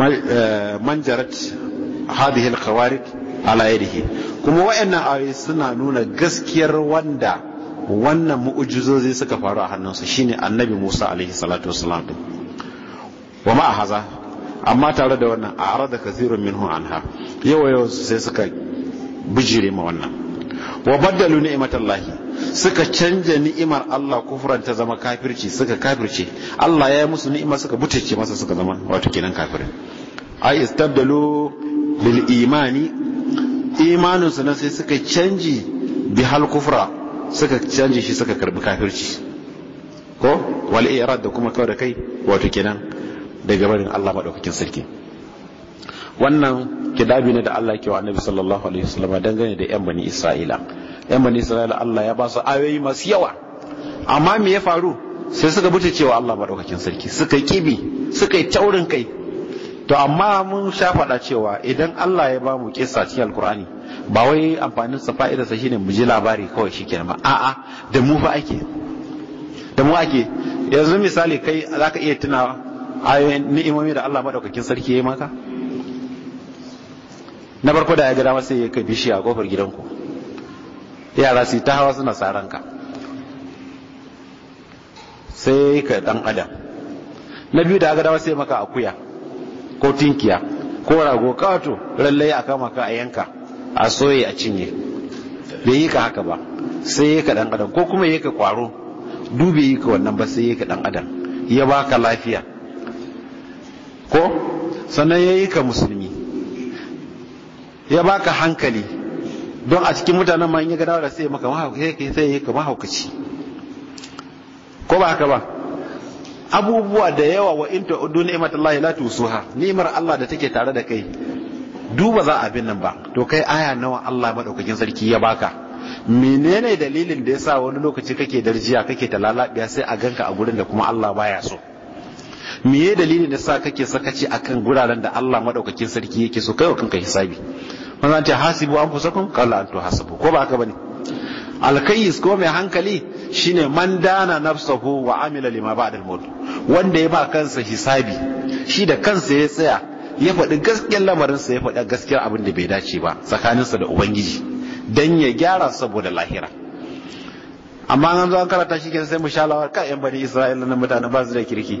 eh, manjarat hadhihi al-khawarij ala yadihi kuma wayannan ayoyi suna nuna gaskiyar wanda wannan mu'ujizozi suka faru a hannunsa shine annabi Musa alaihi salatu wassalam wa ma haza amma tare da wannan a arada kathirun minhu anha yawa yawa sai suka bijire ma wannan wa baddalu ni'matallahi suka canja ni'imar Allah kufran ta zama kafirci suka kafirce Allah ya yi musu ni'ima suka butacce masa suka zama wato kenan kafirin ai istabdalu bil imani imanin su sai suka canji bi hal kufra suka canje shi suka karbi kafirci ko wal irad da kuma kawai da kai wato kenan daga barin Allah madaukakin sarki wannan kidabi ne da Allah ke wa Annabi sallallahu alaihi wasallam dangane da yan bani Isra'ila yan bani Isra'ila Allah ya ba su ayoyi masu yawa amma me ya faru sai suka buce cewa Allah madaukakin sarki suka kibi suka yi taurin kai to amma mun sha faɗa cewa idan Allah ya ba mu kissa cikin alkur'ani ba wai amfanin sa fa'idar sa shine mu ji labari kawai shikenan ba a'a da mu fa ake da mu ake yanzu misali kai zaka iya tuna ayoyin ni'imomi da Allah madaukakin sarki yayi maka na farko da ya gada masa sai ya kai bishiya a kofar gidanku yara su ta hawa suna ka sai ka dan adam na biyu da ya gada masa sai maka akuya ko tinkiya ko rago kato lallai a kama ka a yanka a soye a cinye bai yi ka haka ba sai yi ka dan adam ko kuma yi ka kwaro dubi yi ka wannan ba sai yi ka dan adam ya ka lafiya ko sannan ya yi ka musulmi ya ba ka hankali don a cikin mutanen ma in ya gada da sai maka mahaukaci sai yi ka mahaukaci ko ba haka ba abubuwa da yawa wa in ta'uddu ni'matallahi la tusuha ni'mar Allah da take tare da kai duba za a bin nan ba to kai aya nawa Allah madaukakin sarki ya baka menene dalilin da yasa wani lokaci kake darjiya kake ta lalabiya sai a ganka a gurin da kuma Allah baya so meye dalilin da yasa kake sakaci akan guraren da Allah madaukakin sarki yake so kai kanka hisabi wannan ce hasibu an kusakum kallan antu hasibu ko ba haka bane alkayis ko mai hankali shine man dana nafsahu wa amila lima ba'da al wanda ya ba kansa hisabi shi da kansa ya tsaya ya faɗi gaskiyar lamarinsa ya faɗi gaskiyar abin da bai dace ba tsakaninsa da ubangiji don ya gyara saboda lahira amma an zo an karata shi sai mu sha lawar ka yan bani isra'ila na mutane ba su da kirki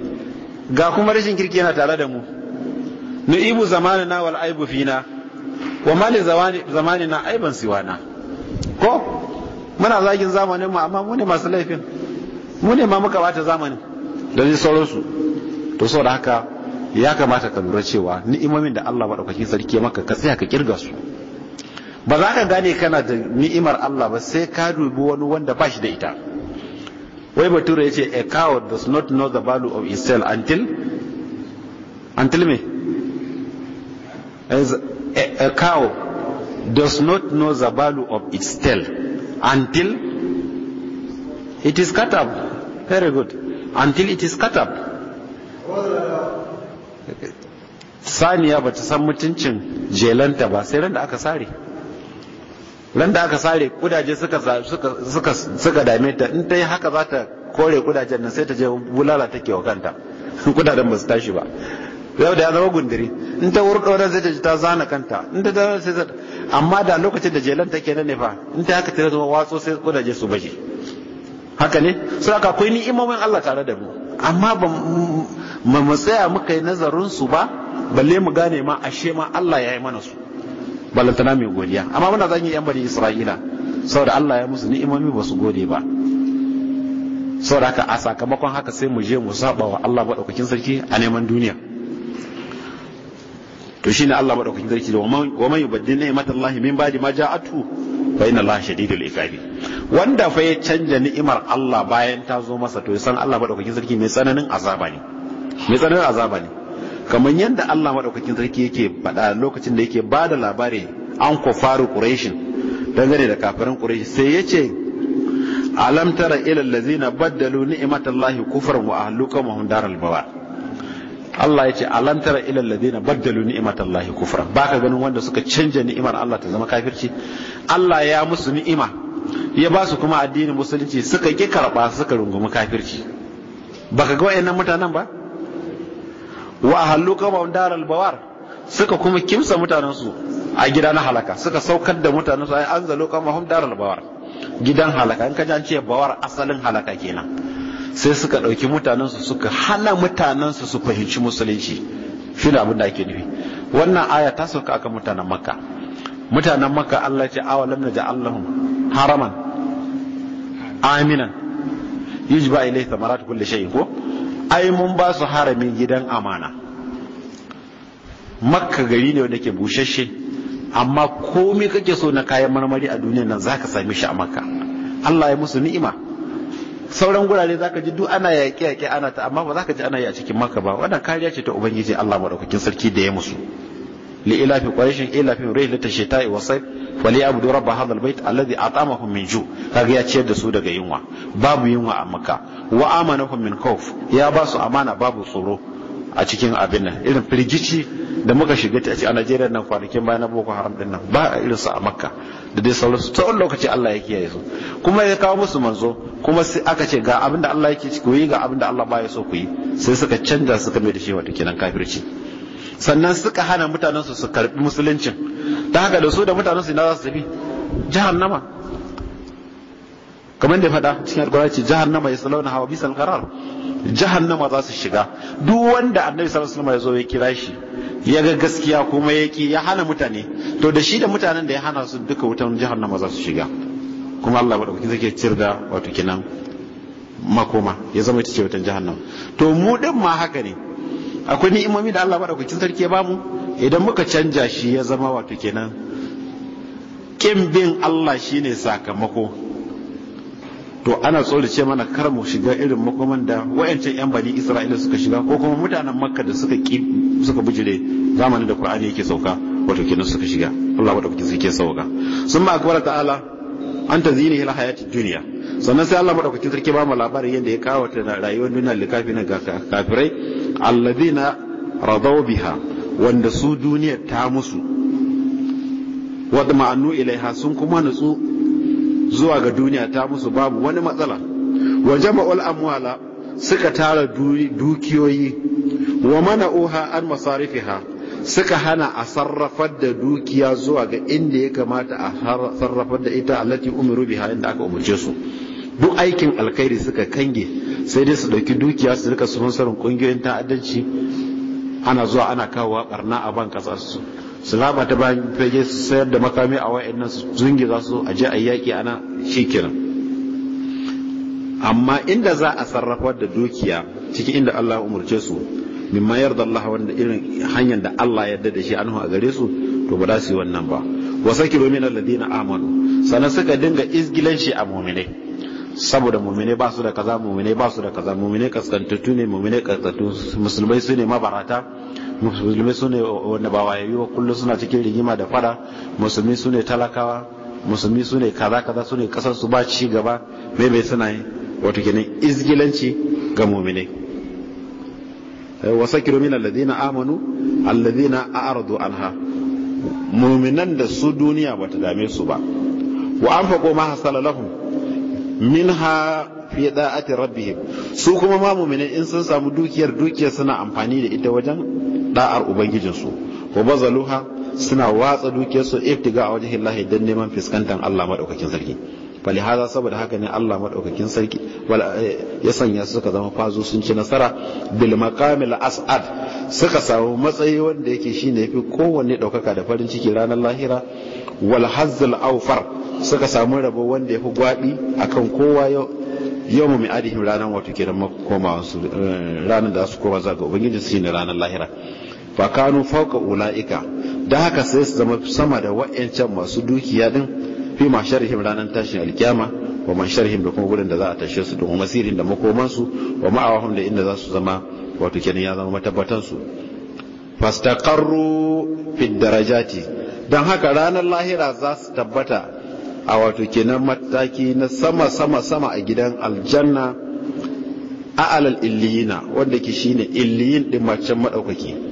ga kuma rashin kirki yana tare da mu ibu zamani na wal aibu fina wa mali na aiban siwana ko muna zagin zamanin mu amma mu ne masu laifin mu ne ma muka bata zamanin da zai sauransu to saboda haka ya kamata ka lura cewa ni'imomin da Allah maɗaukakin sarki ya maka ka tsaya ka kirga su ba za ka gane kana da ni'imar Allah ba sai ka dubi wani wanda ba shi da ita wai bature ya ce a cow does not know the value of itself until until me a, a cow does not know the value of its tail until it is cut up very good until it is cut up saniya ba ta san mutuncin jelanta ba sai ran da aka sare ran da aka sare kudaje suka dame ta in ta yi haka za ta kore kudajen nan sai ta je bulala take wa kanta kudaden ba su tashi ba yau da ya zama gundiri in ta wurɗo ran sai ta ji ta zana kanta in ta zana sai ta amma da lokacin da jelan ke nan ne fa in ta haka ta zama watso sai kudaje su bashi haka ne sai aka akwai ni'imomin Allah tare da mu amma ba mu tsaya muka yi nazarin su ba balle mu gane ma ashe ma Allah ya yi mana su ballantana mai godiya amma muna zan yi yan bari isra'ila saboda Allah ya musu ni'imomi ba su gode ba saboda haka a sakamakon haka sai mu je mu saba wa Allah madaukakin sarki a neman duniya to shine Allah madaukakin sarki da wa man yubaddil ni'matallahi min ba'di ma ja'atu fa inna Allah shadidul iqabi wanda fa ya canja ni'imar Allah bayan ta zo masa to san Allah madaukakin sarki mai tsananin azaba ne mai tsananin azaba ne kamar yadda Allah maɗaukakin sarki yake faɗa lokacin da yake ba da labari an faru quraishin dangane da kafirin quraish sai ce alam tara ila allazina baddalu ni'matallahi kufran wa ahlukum wa daral bawa Allah ce alam tara ila allazina baddalu ni'matallahi kufran baka ganin wanda suka canja ni'imar Allah ta zama kafirci Allah ya musu ni'ima ya ba su kuma addinin musulunci suka ki karba suka rungumi kafirci baka ga wayannan mutanen ba wa ahallu qawman bawar suka kuma kimsa mutanen su a gida na halaka suka saukar da mutanen su ay anzalu qawmahum daral bawar gidan halaka in ji an ce bawar asalin halaka kenan sai suka dauki mutanen su suka hana mutanen su su fahimci musulunci shi da abin da ake nufi wannan aya ta sauka akan mutanen makka mutanen makka Allah ya ce awalam naja'allahum haraman aminan yujba ilayhi thamarat kulli shay'in ko ai mun ba su haramin gidan amana makka gari ne wanda ke bushashe amma komai kake so na kayan marmari a duniya nan zaka same shi a makka Allah ya musu ni'ima sauran gurare zaka ji duk ana yaƙe yaƙe ana ta amma ba zaka ji ana yi a cikin makka ba wannan kariya ce ta ubangiji Allah madaukakin sarki da ya musu li ila fi quraishin ila fi rihlata wa sayf Wali falyabudu rabba hadha bait alladhi at'amahum min ju kaga ya ciyar da su daga yunwa babu yunwa a makka wa amanahum min khawf ya ba su amana babu tsoro a cikin abin nan irin firgici da muka shiga ta a Najeriya nan kwanakin bayan Boko Haram din nan ba irin su a Makka da dai sauransu tsawon lokaci Allah ya kiyaye su kuma ya kawo musu manzo kuma sai aka ce ga abin da Allah yake ku yi ga abinda da Allah baya so ku yi sai suka canza suka mai da shi wata kenan kafirci sannan suka hana mutanensu su karbi musuluncin ta haka da su da mutanensu ina za su tafi jahannama kamar da faɗa cikin alkurari ce jahannama ya salauna hawa bisan karar jahannama za su shiga duk wanda annabi sallallahu alaihi wasallam ya zo ya kira shi ya ga gaskiya kuma ya ki ya hana mutane to da shi da mutanen da ya hana su duka wutan jahannama za su shiga kuma Allah madaukakin zai ciyar da wato kinan makoma ya zama ita ce wutan jahannama to mu din ma haka ne akwai ni'imomi da Allah madaukakin sarki ya bamu idan muka canja shi ya zama wato kenan kin bin Allah shine sakamako to ana tsorace mana kar mu shiga irin makoman da wayancan yan bani Isra'ila suka shiga ko kuma mutanen Makka da suka ki suka bujire zamanin da Qur'ani yake sauka wato kenan suka shiga Allah madaukakin sarki ya sauka sun akbar ta'ala an ta zini hila hayati duniya sannan sai Allah madaukakin sarki ba mu labarin yadda ya kawo ta rayuwar duniya likafi ga kafirai alladina radaw biha wanda su duniya ta musu wadda ma'annu ilaiha sun kuma nutsu zuwa ga duniya ta musu babu wani matsala wa jama'ul amwala suka tara dukiyoyi wa mana mana'uha an masarifiha suka hana a sarrafar da dukiya zuwa ga inda ya kamata a sarrafar da ita allati umiru biha inda aka umarce su duk aikin alkhairi suka kange sai dai su dauki dukiya su rika sponsorin kungiyoyin ta'addanci ana zuwa ana kawowa barna a ban kasa su su laba ta bayan fage su sayar da makami a wayannan su zungi za su aje a yaki ana shikenan amma inda za a sarrafar da dukiya cikin inda Allah ya umurce su mimma da Allah wanda irin hanyar da Allah ya da shi anhu a gare su to ba za su yi wannan ba wa sakiru min alladina amanu sannan suka dinga izgilan shi a mumine. saboda mumine ba su da kaza mumine ba su da kaza mumine kaskantattu ne mumine kaskantattu musulmai su ne mabarata musulmai su ne wanda ba wayayi ba kullum suna cikin rigima da fada musulmi su ne talakawa musulmi su ne kaza kaza su ne kasar su ba ci gaba mai mai suna yi wato kenan izgilanci ga mumine. Eh, wasakiru min alladhina amanu alladhina a'radu anha mu'minan da su duniya bata dame su ba wa anfaqu ma hasala lahum minha fi da'ati rabbihim su kuma ma mu'minan in sun samu dukiyar dukiyar suna amfani da ita wajen da'ar ubangijinsu wa bazaluha suna watsa dukiyarsu ibtiga a wajen Allah dan neman fuskantar Allah madaukakin sarki falihaza saboda haka ne Allah madaukakin sarki eh, ya sanya suka zama fazo sun ci nasara bil maqamil as'ad suka samu matsayi wanda yake shine yafi kowanne ɗaukaka da farin ciki ranar lahira wal hazzul awfar suka samu rabo wanda yafi gwadi akan kowa yau mu mi adihim ranar wato kiran su eh, ranar da su koma ga ubangiji su ne ranar lahira fa kanu fawqa ulaika da haka sai su zama sama da wa'ancan masu dukiya din fi sharhim ranar tashin alkiyama wa ma sharhim da kuma gurin da za a tashe su da masirin da su wa ma'awahum da inda za su zama wato kenan ya zama matabbatan su fastaqarru fi darajati dan haka ranar lahira za su tabbata a wato kenan mataki na sama sama sama a gidan aljanna a alal illiyina wanda ke shine illiyin din macen madaukaki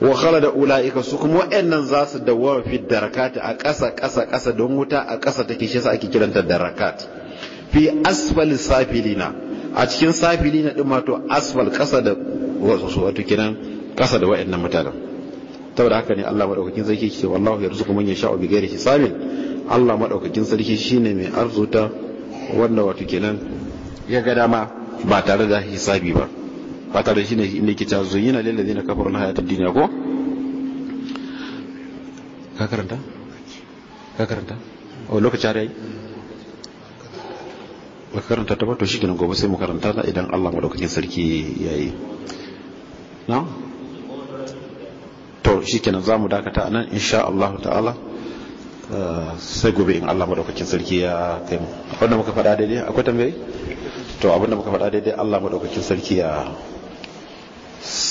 wa khalada ulaika su kuma wa'annan za su dawwama fi darakat a ƙasa ƙasa ƙasa don wuta a ƙasa take shi yasa ake kiranta darakat fi asfal safilina a cikin safilina din ma to asfal ƙasa da wasu wato kiran ƙasa da wa'annan mutanen saboda haka ne Allah madaukakin sarki ke rusu kuma man yasha'u bi ghairi hisabin Allah madaukakin sarki shine mai arzuta wanda wato kenan ya ga dama ba tare da hisabi ba ba tare shi ne inda ke cewa zuyyina lil na kafar na hayatid duniya ko ka karanta ka karanta o oh, lokaci har yayi ba karanta ta ba to shikenan gobe sai mu karanta ta idan Allah maɗaukakin sarki yayi na to shi shikenan za mu dakata anan insha Allah ta'ala eh, sai gobe in Allah madaukakin sarki ya kai mu abinda muka faɗa daidai akwai tambayi to abinda muka faɗa daidai Allah madaukakin sarki ya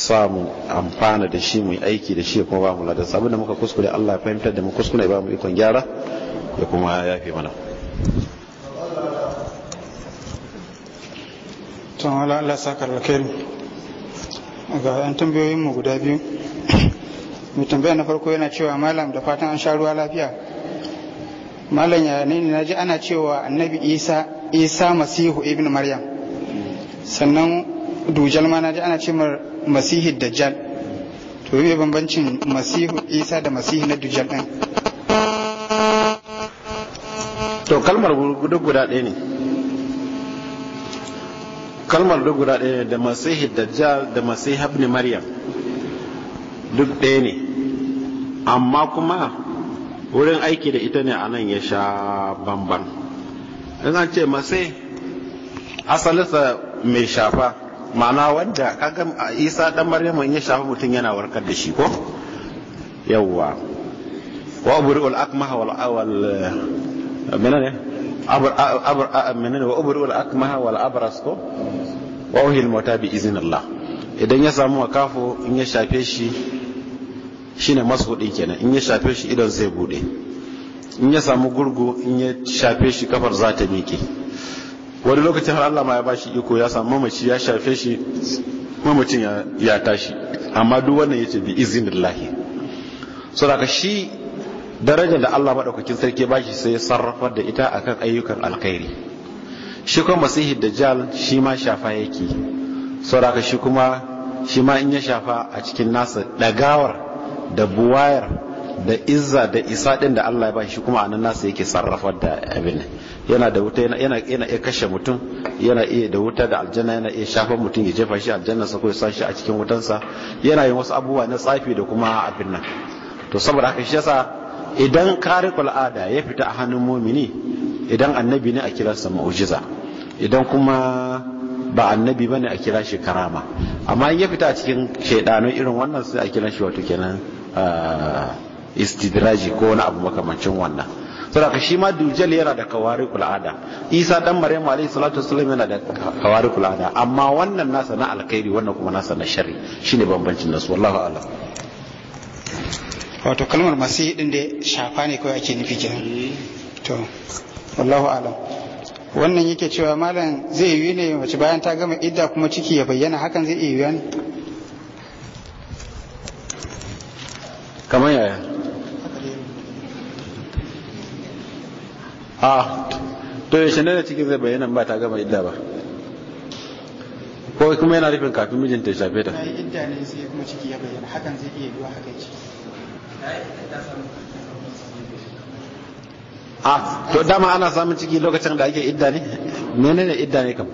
samu amfana da shi mu aiki da shi kuma ba mu ladan abin da muka kuskure Allah ya fahimtar da mu kuskure ba mu ikon gyara ya kuma yafe mana tun wala Allah saka alkhairi ga yan tambayoyin mu guda biyu mai tambaya na farko yana cewa malam da fatan an sha ruwa lafiya malam ya ne na ji ana cewa annabi isa isa masihu ibn maryam sannan dujal ma na ji ana cewa. masihi dajjal to yi bambancin masihu isa da masihi na dajjal ɗin to kalmar guda guda ɗaya ne kalmar duk guda ɗaya da masihi dajjal da masihi ibn maryam duk ɗaya ne amma kuma wurin aiki da ita ne a nan ya sha bamban in an ce masai asalinsa mai shafa ma'ana wanda kaga isa dan maryam in ya shafi mutum yana warkar da shi ko yawwa wa ubri'ul akmaha wal awal menene abr abr menene wa ubri'ul akmaha wal abras ko wa uhil mauta bi iznillah idan ya samu wakafo in ya shafe shi shine masudi kenan in ya shafe shi idan zai bude in ya samu gurgu in ya shafe shi kafar za ta miƙe wani lokacin har Allah ma ya bashi iko ya samu mamaci ya shafe shi mamacin ya tashi amma duk wannan yace bi iznillahi saboda shi darajar da Allah madaukakin sarki bashi sai sarrafa da ita akan ayyukan alkhairi shi kuma masihi dajjal shi ma shafa yake saboda shi kuma shi ma in ya shafa a cikin nasa dagawar da buwayar da izza da isa din da Allah ya bashi shi kuma anan nasa yake sarrafar da abin yana da wuta yana iya kashe mutum yana iya da wuta da aljanna yana iya shafa mutum ya jefa shi aljanna sa ko ya shi a cikin sa yana yin wasu abubuwa na tsafi da kuma abin nan to saboda haka shi yasa idan kariqul ada ya fita a hannun mumini idan annabi ne a kira sa mu'jiza idan kuma ba annabi bane a kira shi karama amma in ya fita a cikin shaidanu irin wannan sai a kira shi wato kenan ah, istidraji ko wani abu makamancin wannan saboda shi ma dujjal yana da kawari kul'ada isa dan maryam alayhi salatu wasallam yana da kawari kul'ada amma wannan nasa na alkhairi wannan kuma nasa na sharri shine bambancin nasu wallahu a'lam wato kalmar masihi din da shafa ne kawai ake nufi kenan to wallahu a'lam wannan yake cewa malam zai yi ne mace bayan ta gama idda kuma ciki ya bayyana hakan zai iya yiwuwa ne kamar yaya a ah, to yaushe ne da cikin zai bayyana ba ta gama idda ba ko kuma yana rufin kafin mijinta ya shafe ta ne sai kuma ciki ya bayyana hakan zai iya yiwuwa haka ce a ah, to dama ana samun ciki lokacin da ake idda ne menene idda ne kam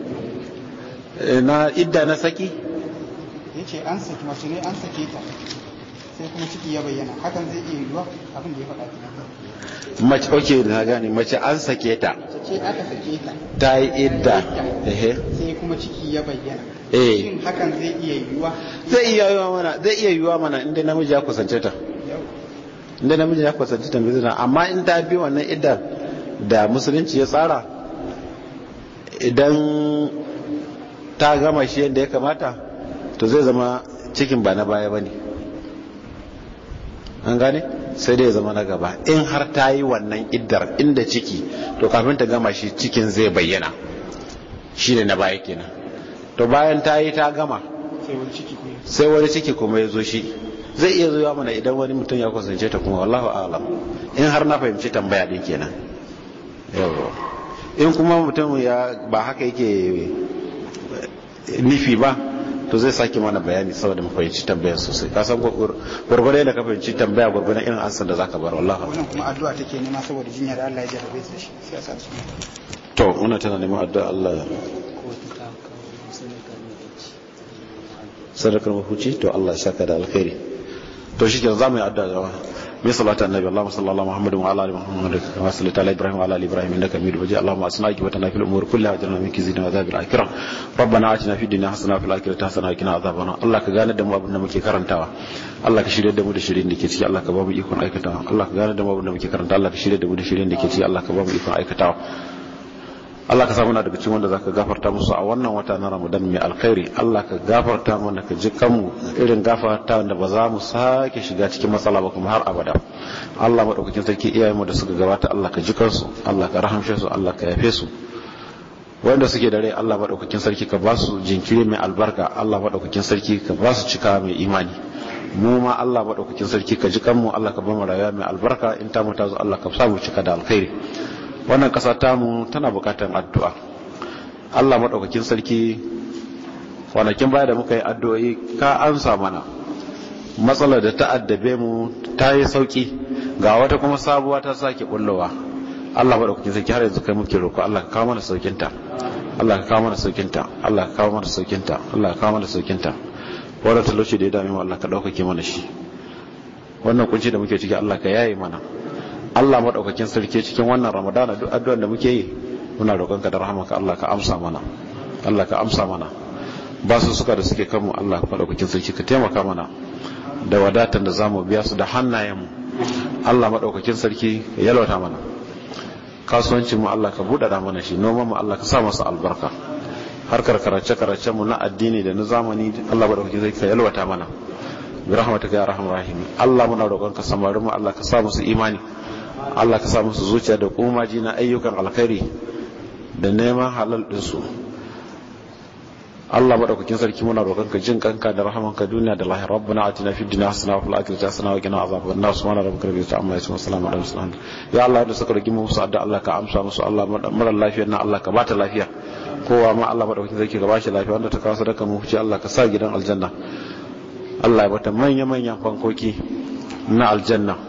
eh, na idda na saki yace an saki mace ne an sake ta sai kuma ciki ya bayyana hakan zai iya yiwa abin da ya faɗa mace oke ok na gane mace an sake ta ta yi idda ehe sai kuma ciki ya bayyana eh. shin hakan zai iya yiwuwa zai iya yiwuwa mana zai iya yiwuwa mana inda namiji ya kusance ta inda namiji ya kusance ta bizina amma in ta bi wannan idda da musulunci ya tsara idan ta gama shi yadda ya kamata to zai zama cikin ba na baya bane an gane? sai dai zama na gaba in har ta yi wannan iddar inda ciki to kafin ta gama shi cikin zai bayyana shi ne na baya kenan to bayan ta yi ta gama sai wani ciki kuma ya zo shi zai iya zuwa mana idan wani mutum ya kusance ta kuma wallahu alam in har na fahimci tambaya din kenan in kuma mutum ya ba haka yake eh, nufi ba to zai sake mana bayani saboda mu fahimci tambaya sosai ka san gurgurai da ka fahimci tambaya gurgurai irin ansan da zaka bar wallahi wannan kuma addu'a take nema saboda jinyar Allah ya jarabe ta shi sai sa su to muna tana nema addu'a Allah sadakar mafuci to Allah ya saka da alkhairi to shi ke za yi addu'a min salati annabi allahumma salli ala muhammadin wa ala ali muhammad wa salli ala ibrahim wa ala ali ibrahim innaka hamid majid allahumma asnaiki wa tanafil umur kullaha ajrana min kizina wa zabil akhirah rabbana atina fid dunya hasana fil akhirati hasana wa qina adhabana allah ka ganar da mu abin da muke karantawa allah ka shirye mu da shirin Allah ka samu na daga cikin wanda za ka gafarta musu a wannan wata na Ramadan mai alkhairi Allah ka gafarta mana ka ji kanmu irin gafarta da ba za mu sake shiga cikin matsala ba kuma har abada Allah madaukakin sarki mu da suka gabata Allah ka ji kansu Allah ka rahamshe su Allah ka yafe su wanda suke da rai Allah maɗaukakin sarki ka ba su jinkiri mai albarka Allah maɗaukakin sarki ka ba su cika mai imani mu ma Allah maɗaukakin sarki ka ji kanmu Allah ka ba mu rayuwa mai albarka in ta mu ta zo Allah ka sa mu cika da alkhairi wannan ƙasa tamu tana buƙatar addu'a allah maɗaukakin sarki kwanakin baya da muka yi addu'o'i ka ansa mana matsalar da ta addabe mu ta yi sauƙi ga wata kuma sabuwa ta sake bullowa allah maɗaukakin sarki har yanzu kai muke roƙo allah ka kawo mana sauƙinta allah ka kawo mana sauƙinta allah ka kawo mana sauƙinta allah ka kawo mana sauƙinta Wannan talauci da ya dame mu allah ka ɗaukake mana shi wannan kunci da muke ciki allah ka yaye mana Allah maɗaukakin sarki cikin wannan Ramadana duk addu'ar da muke yi muna roƙon ka da ka Allah ka amsa mana Allah ka amsa mana ba su suka da suke kanmu Allah maɗaukakin sarki ka taimaka mana da wadatan da zamu biya su da hannayenmu Allah maɗaukakin sarki ka yalwata mana kasuwancin mu Allah ka buɗaɗa mana shi noman mu Allah ka sa masa albarka harkar karace karace mu na addini da na zamani Allah maɗaukakin sarki ka yalwata mana bi ya rahman rahim Allah muna roƙon ka samarin mu Allah ka sa musu imani Allah ka sa musu zuciya da kumaji na ayyukan alkhairi da neman halal ɗinsu Allah madaukakin sarki muna roƙon ka jin kanka da rahaman ka duniya da lahir rabbuna atina fid dunya hasana wa fil akhirati hasana wa qina azaban nar subhana rabbika rabbil izzati amma yasifun salamun alal mursalin ya Allah da suka roki mu musu addu'a Allah ka amsa musu Allah mara lafiya na Allah ka bata lafiya kowa ma Allah madaukakin sarki ka bashi lafiya wanda ta kawo sadaka mu huce Allah ka sa gidan aljanna Allah ya bata manya manyan fankoki na aljanna